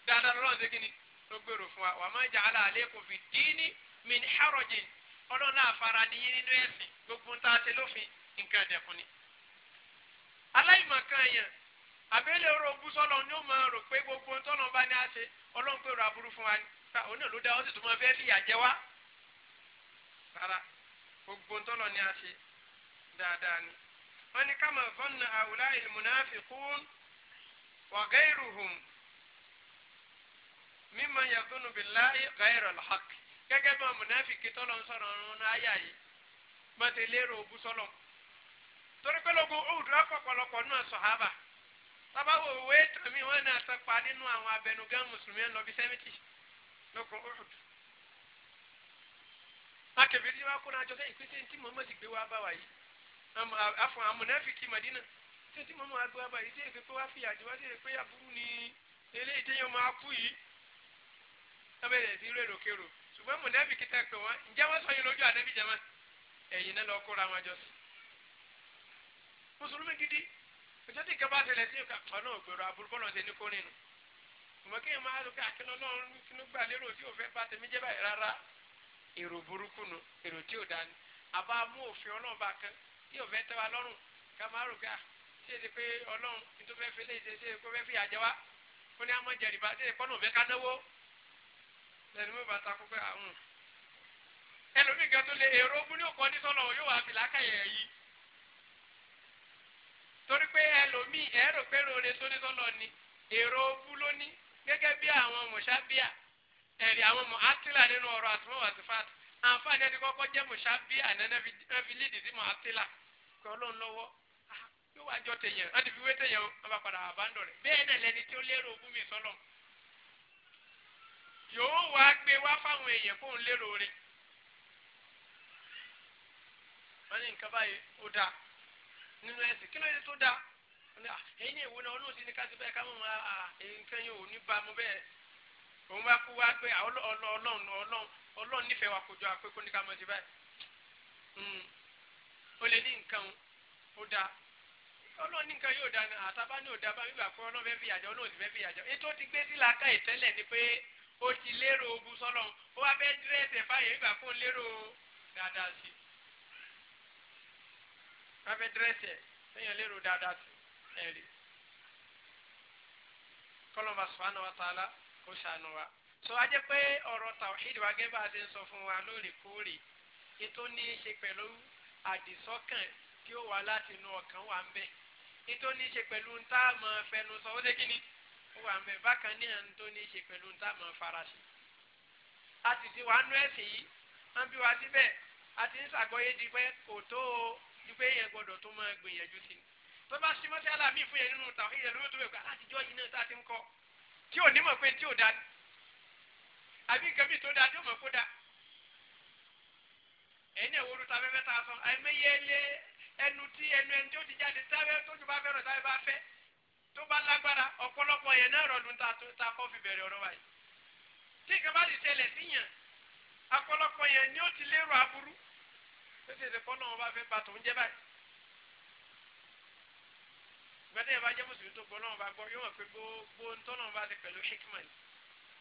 dáadáa lọ́lọ́run ṣe kí ni ló gbèrò fún wa wàá má jà á láàlẹ́ kò fi dín ní min harajin ọlọ́run náà fara níyín nínú ẹ̀sìn gbogbo ń ta ṣe lófin nǹkan ẹ̀dẹ̀kùn ni. aláìmọ̀kan yẹn àbẹ́lẹ̀ orogú sọ́lọ́ ni ó máa rò pé gbogbo ń tọ́lọ́ bá ní àṣẹ ọlọ́run gbèrò aburú fún wa ní. òun náà ló dá ọ́ sì tún máa fẹ́ fìyà jẹ wá rárá gbogbo ntọ́lọ̀ ni a ṣe dáadáa ni. wọ́n ní ká máa fọ́nà àwùlá ìlmùnáfíkún wa ghayruhum mimman yadhunnu billahi ghayra al-haqq gẹ́gẹ́ bí wọn mùnáfíkì tọ́lọ̀ ń sọ̀rọ̀ ọ̀run náà ayà mọ̀tẹ́ lérò òbú sọ́lọ̀ torí pé lóko òòdù ọ̀pọ̀lọpọ̀ náà sàhábà tábàwò òwe tàmí wọn náà tẹpa nínú àwọn abẹnugan mùsùlùmí ẹ̀ lọ sẹ́mìtì lóko òòdù akẹ̀bí tí wọ́n kó náà jọ sẹ́yìn pé sẹ́yìn tí mọ̀mọ́ ti gbé wá bá wa yìí àfọ̀n àmọ̀nẹ́fìkì Màdínà sẹ́yìn tí mọ̀mọ́ àgbẹ̀ wá bá yìí sẹ́yìn pé wá fi àjọ wá sẹ́yìn pé aburú ni eléyìí téèyàn máa kú yìí lábẹ́rẹ́ sí rẹ̀ rokero ṣùgbọ́n mọ̀nẹ́fìkì tẹ̀ pé wọ́n ǹjẹ́ wọ́n sọ yín lójú àdẹ́bí jẹ́ máa ẹ̀yìn náà lọ kóra wọn jọ sí. mùsùlùmí gidi ọjọ́ tí kẹfà ṣẹlẹ̀ sí ọ̀nà ògbèrò aburú bọ́lọ̀ ṣe ní kórìnnù. ìmọ̀ kéèyàn máa lọ kí akínọ́lọ́run kí ló gbà lérò tí òfẹ́ bá tẹ̀mí jẹ́ báyìí rárá èrò burúkú nu èrò tí ò dání àbá mú òfin ọlọ́run bá kan tí fẹ́ tẹ́ wa lọ́rùn ká má rò ká tí èdè pé ọlọ́run tó fẹ́ fi léyìí tí èdè pé fẹ́ fi àjẹ wa ó ní àmọ́ jẹ̀rìbá tí èdè pọ́nà òfẹ́ ká náwó lẹ́nu mú bàtà kó pé àwọn ah, hmm. ẹlòmíì gan tó lé èrò ogun ní òkò ní sọ́nà yóò wá fi làákàyè yìí torí pé ẹlòmíì ẹ̀rọ pé ròore tó ní sọ́nà ni èrò ogun ló ní gẹ́gẹ́ bí àwọn mọ̀ṣábíà ẹ̀rí àwọn mọ̀ átìlà nínú ọ̀rọ̀ àtúmọ̀ àtìfàt àǹfààní ẹni kọ́kọ́ jẹ́ mọ̀ṣá bí ànẹ́nẹ́ fi lídìí sí mọ̀ átìlà kọ́ ló ń lọ́wọ́ ah, yóò wá jọ tèèyàn láti fi wé tèèyàn wọn bá padà àbándọ̀ rẹ̀ bẹ́ẹ̀ náà lẹni tí ó lérò ogún mi sọ́lọ̀ yóò wá gbé wá fáwọn èèyàn fóun lérò rẹ̀ wọ́n ní nǹkan báyìí ó dáa nínú ẹ̀sìn kí ló yẹ tó dáa ah, ẹ̀yin ìwúna ọlọ́run ti ní ká ti bẹ́ẹ̀ ká mọ̀ ah, nǹkan yóò ní bá mu bẹ́ẹ̀ òun wá kó wá pé ọlọ́run ọlọ́run nífẹ̀ẹ́ wa kò jọ àpé kó ní ká mọ̀ ṣe báyìí o hmm. lè ní nǹkan ó dáa ọlọ́run ní nǹkan yóò dáa ní àtàbá ní òdà bá wíwà pé ọlọ́run fẹ́ẹ́ fi àjọ ọlọ́run sì fẹ́ẹ́ fi àjọ ètò ti gbé sílá ká ìtẹ́lẹ̀ ni pé ó ti lérò ogun sọlọ́run ó wá fẹ́ẹ́ dírẹ́sì ẹ̀ fáyẹ̀ wíwà fún lérò dáadáa sí wá fẹ́ẹ́ dírẹ́sì ẹ̀ fẹ́yàn lérò dáadáa sí ẹ̀rí kọ́lọ́mà subhanahu wa ta'ala kó sànù wa so a jẹ́ pé ọ̀rọ̀ tawhid wa gẹ́gẹ́ bá a ṣe ń sọ fún wa lóòrèkóòrè ètò ní í ṣe pẹ̀lú àdìsọ́kàn tí ó wà láti inú ọkàn wa ń bẹ ètò ní í ṣe pẹ̀lú ń tá a mọ̀ fẹnu sọ ó dé kí ni ó wà ń bẹ bákan ní à tó ní í ṣe pẹ̀lú ń tá a mọ̀ farasin a sì ti wà nú ẹ̀sìn yìí wọ́n bí wa síbẹ̀ a ti ń ṣàgbọ́yé di pé kò tó o di pé yẹn gbọ́dọ̀ tó máa gbìyànjú sí i tó bá símọ́sí aláàmì fún yẹn nínú tàwọn ìyẹn lórí tó bẹ̀ pé aláàtijọ́ yìí náà tá a ti ń tí ò ní mọ̀ pé tí ò dáa àbí nǹkan bíi tó da tí ò mọ̀ kó dáa ẹ̀yin náà wọ́n ta fẹ́fẹ́ ta sọ àìmọye ẹlẹ́ ẹnu tí ẹnu ẹni tó ti jáde sábẹ́ tó ju bá fẹ́ rọ̀ sábẹ́ bá fẹ́ tó bá lágbára ọ̀pọ̀lọpọ̀ yẹn náà rọ̀dùn ta tó ta kọ́ fi bẹ̀rẹ̀ ọ̀rọ̀ báyìí tí nǹkan bá ti ṣẹlẹ̀ síyàn ọ̀pọ̀lọpọ̀ yẹn ni ó ti lérò aburú tó ti ṣe fọ́nà wọn bá fẹ́ bàtò ń báyìí ìgbàdé yẹn bá jẹ́ mùsùlùmí tó gbọ́ lọ́wọ́ bá gbọ́ yóò mọ̀ pé gbogbo ntọ́nà bá ti pẹ̀lú hikman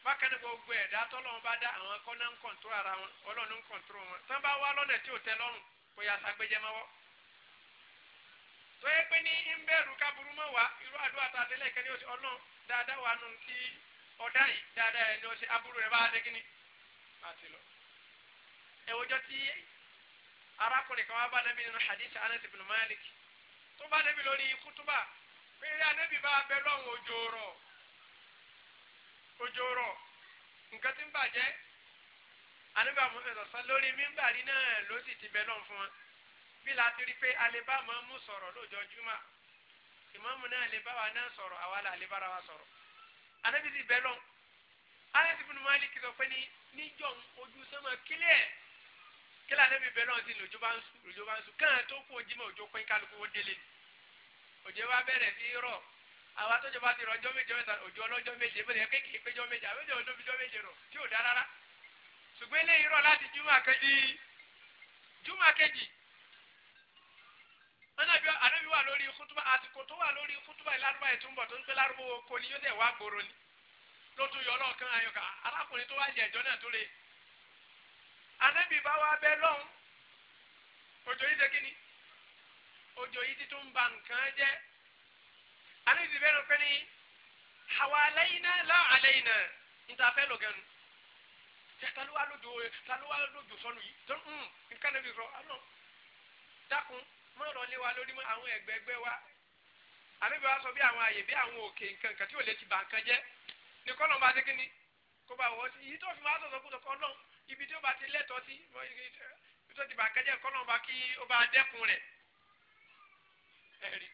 bákan náà gbogbo ẹ̀dá tọ́lọ́wọ́ bá dá àwọn akọ́nà ń kọ̀ǹtúrò ara wọn ọlọ́run ń kọ̀ǹtúrò wọn tán bá wá lọ́nà tí ò tẹ́ lọ́rùn kò yà sàgbéjẹ mọ́wọ́. tó yẹ pé ní ń bẹ̀rù káburú mọ́ wá irú àdúrà tá a délẹ̀ kẹ́ ní oṣù ọlọ́run dáadáa wà nù tí ọ̀dá yìí dáadáa ẹ̀ ní oṣù pé anábì bá bẹ lọ́hùn òjò rọ̀ òjò rọ̀ nǹkan tí ń bàjẹ́ anábì àmúṣe sọ̀sán lórí mímbàrí náà ló sì ti bẹ lọ́hùn fún wọn bí la ti rí pé alẹ́bá máa mú sọ̀rọ̀ lọ́jọ́ Jímọ̀ ìmáàmù náà alẹ́bá wa náà sọ̀rọ̀ àwa là alẹ́bára wa sọ̀rọ̀ anábì sì bẹ lọ́hùn aláìsí fún mi alẹ́ kìlọ̀ pé ní níjọ́ ojú sọ́mọ kílẹ̀ kílẹ̀ anábì bẹ lọ́hùn sí lójó bá ń sùn lójó bá ń sùn káà tó kú ojímọ̀ òjò pé kálukú ó délé ni òjò wa bẹ̀rẹ̀ sí rọ̀ àwa tó jọba ti rọ̀ ọjọ́ méje mẹ́ta òjò ọlọ́jọ́ méje bó ti yẹ kéèké péjọ méje àwọn èèyàn olóbi jọ méje rọ̀ tí ò dá rárá ṣùgbọ́n eléyìí rọ̀ láti júmọ̀ kejì júmọ̀ kejì anabi anabi wà lórí kutuba àsìkò tó wà lórí kutuba ìlànà báyìí tó ń bọ̀ tó ń gbé lárúbọ̀ oko ni yóò dẹ̀ wá gbòòrò ni ló tún yọ ọlọ́ọ̀kan ayọ̀ká arákùnrin tó wá jẹ ẹ̀jọ́ náà tó le anabi bá wa bẹ lọ́hùn òjò yìí ṣe kí ni òjò yìí ti tún ba nǹkan jẹ́ anábì bẹ́ẹ̀ pé ní àwa aláìná lá aláìná níta fẹ́ lọ gẹnu taluwa lójú taluwa lójú sọnù yìí tó ń hmm, nǹkan náà fi sọ àná dákun mọ̀rọ̀ lé wa lórí àwọn ẹgbẹ́gbẹ́ wa ànábì wa sọ bí àwọn àyè bí àwọn òkè nǹkan nǹkan tí ò lè ti bà nǹkan jẹ́ ní kọ́nà bá dé kíni kó bá wọ́ sí yìí tó fi máa sọ̀tọ̀ kúndùn kọ́nà ibi tí ó bá ti lẹ́tọ̀ọ́ sí ibi tó ti bà nǹkan jẹ́ kọ́nà bá kí ó bá dẹ́kun rẹ̀ ẹ̀rí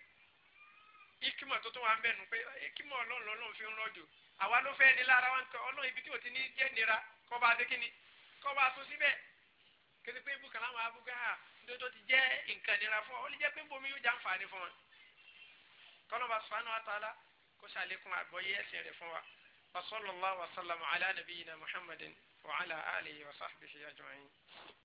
ikimọ̀ tó tó wà ń bẹ̀ nù pé ikimọ̀ ọlọ́run lọ́lọ́run fi ń rọ̀jò àwa ló fẹ́ ní lára wa ń tọ́ ọlọ́run ibi tí o ti ní jẹ́ nira kọ́ bá dé kíni kọ́ bá tún síbẹ̀ kété pé ibùkàn láwọn abúgá nítorí ti jẹ́ nǹkan nira fún ọ ó lè jẹ́ pé bomi yóò jàǹfààní fún ọ kọ́nọ́ba sùfàánù àtàlà kó sàlékún àgbọ̀yé ẹ̀sìn rẹ̀ fún wa wa sallallahu wa Alá ala nabiyina muhammadin wa ala alihi wa sahbihi ajma'in.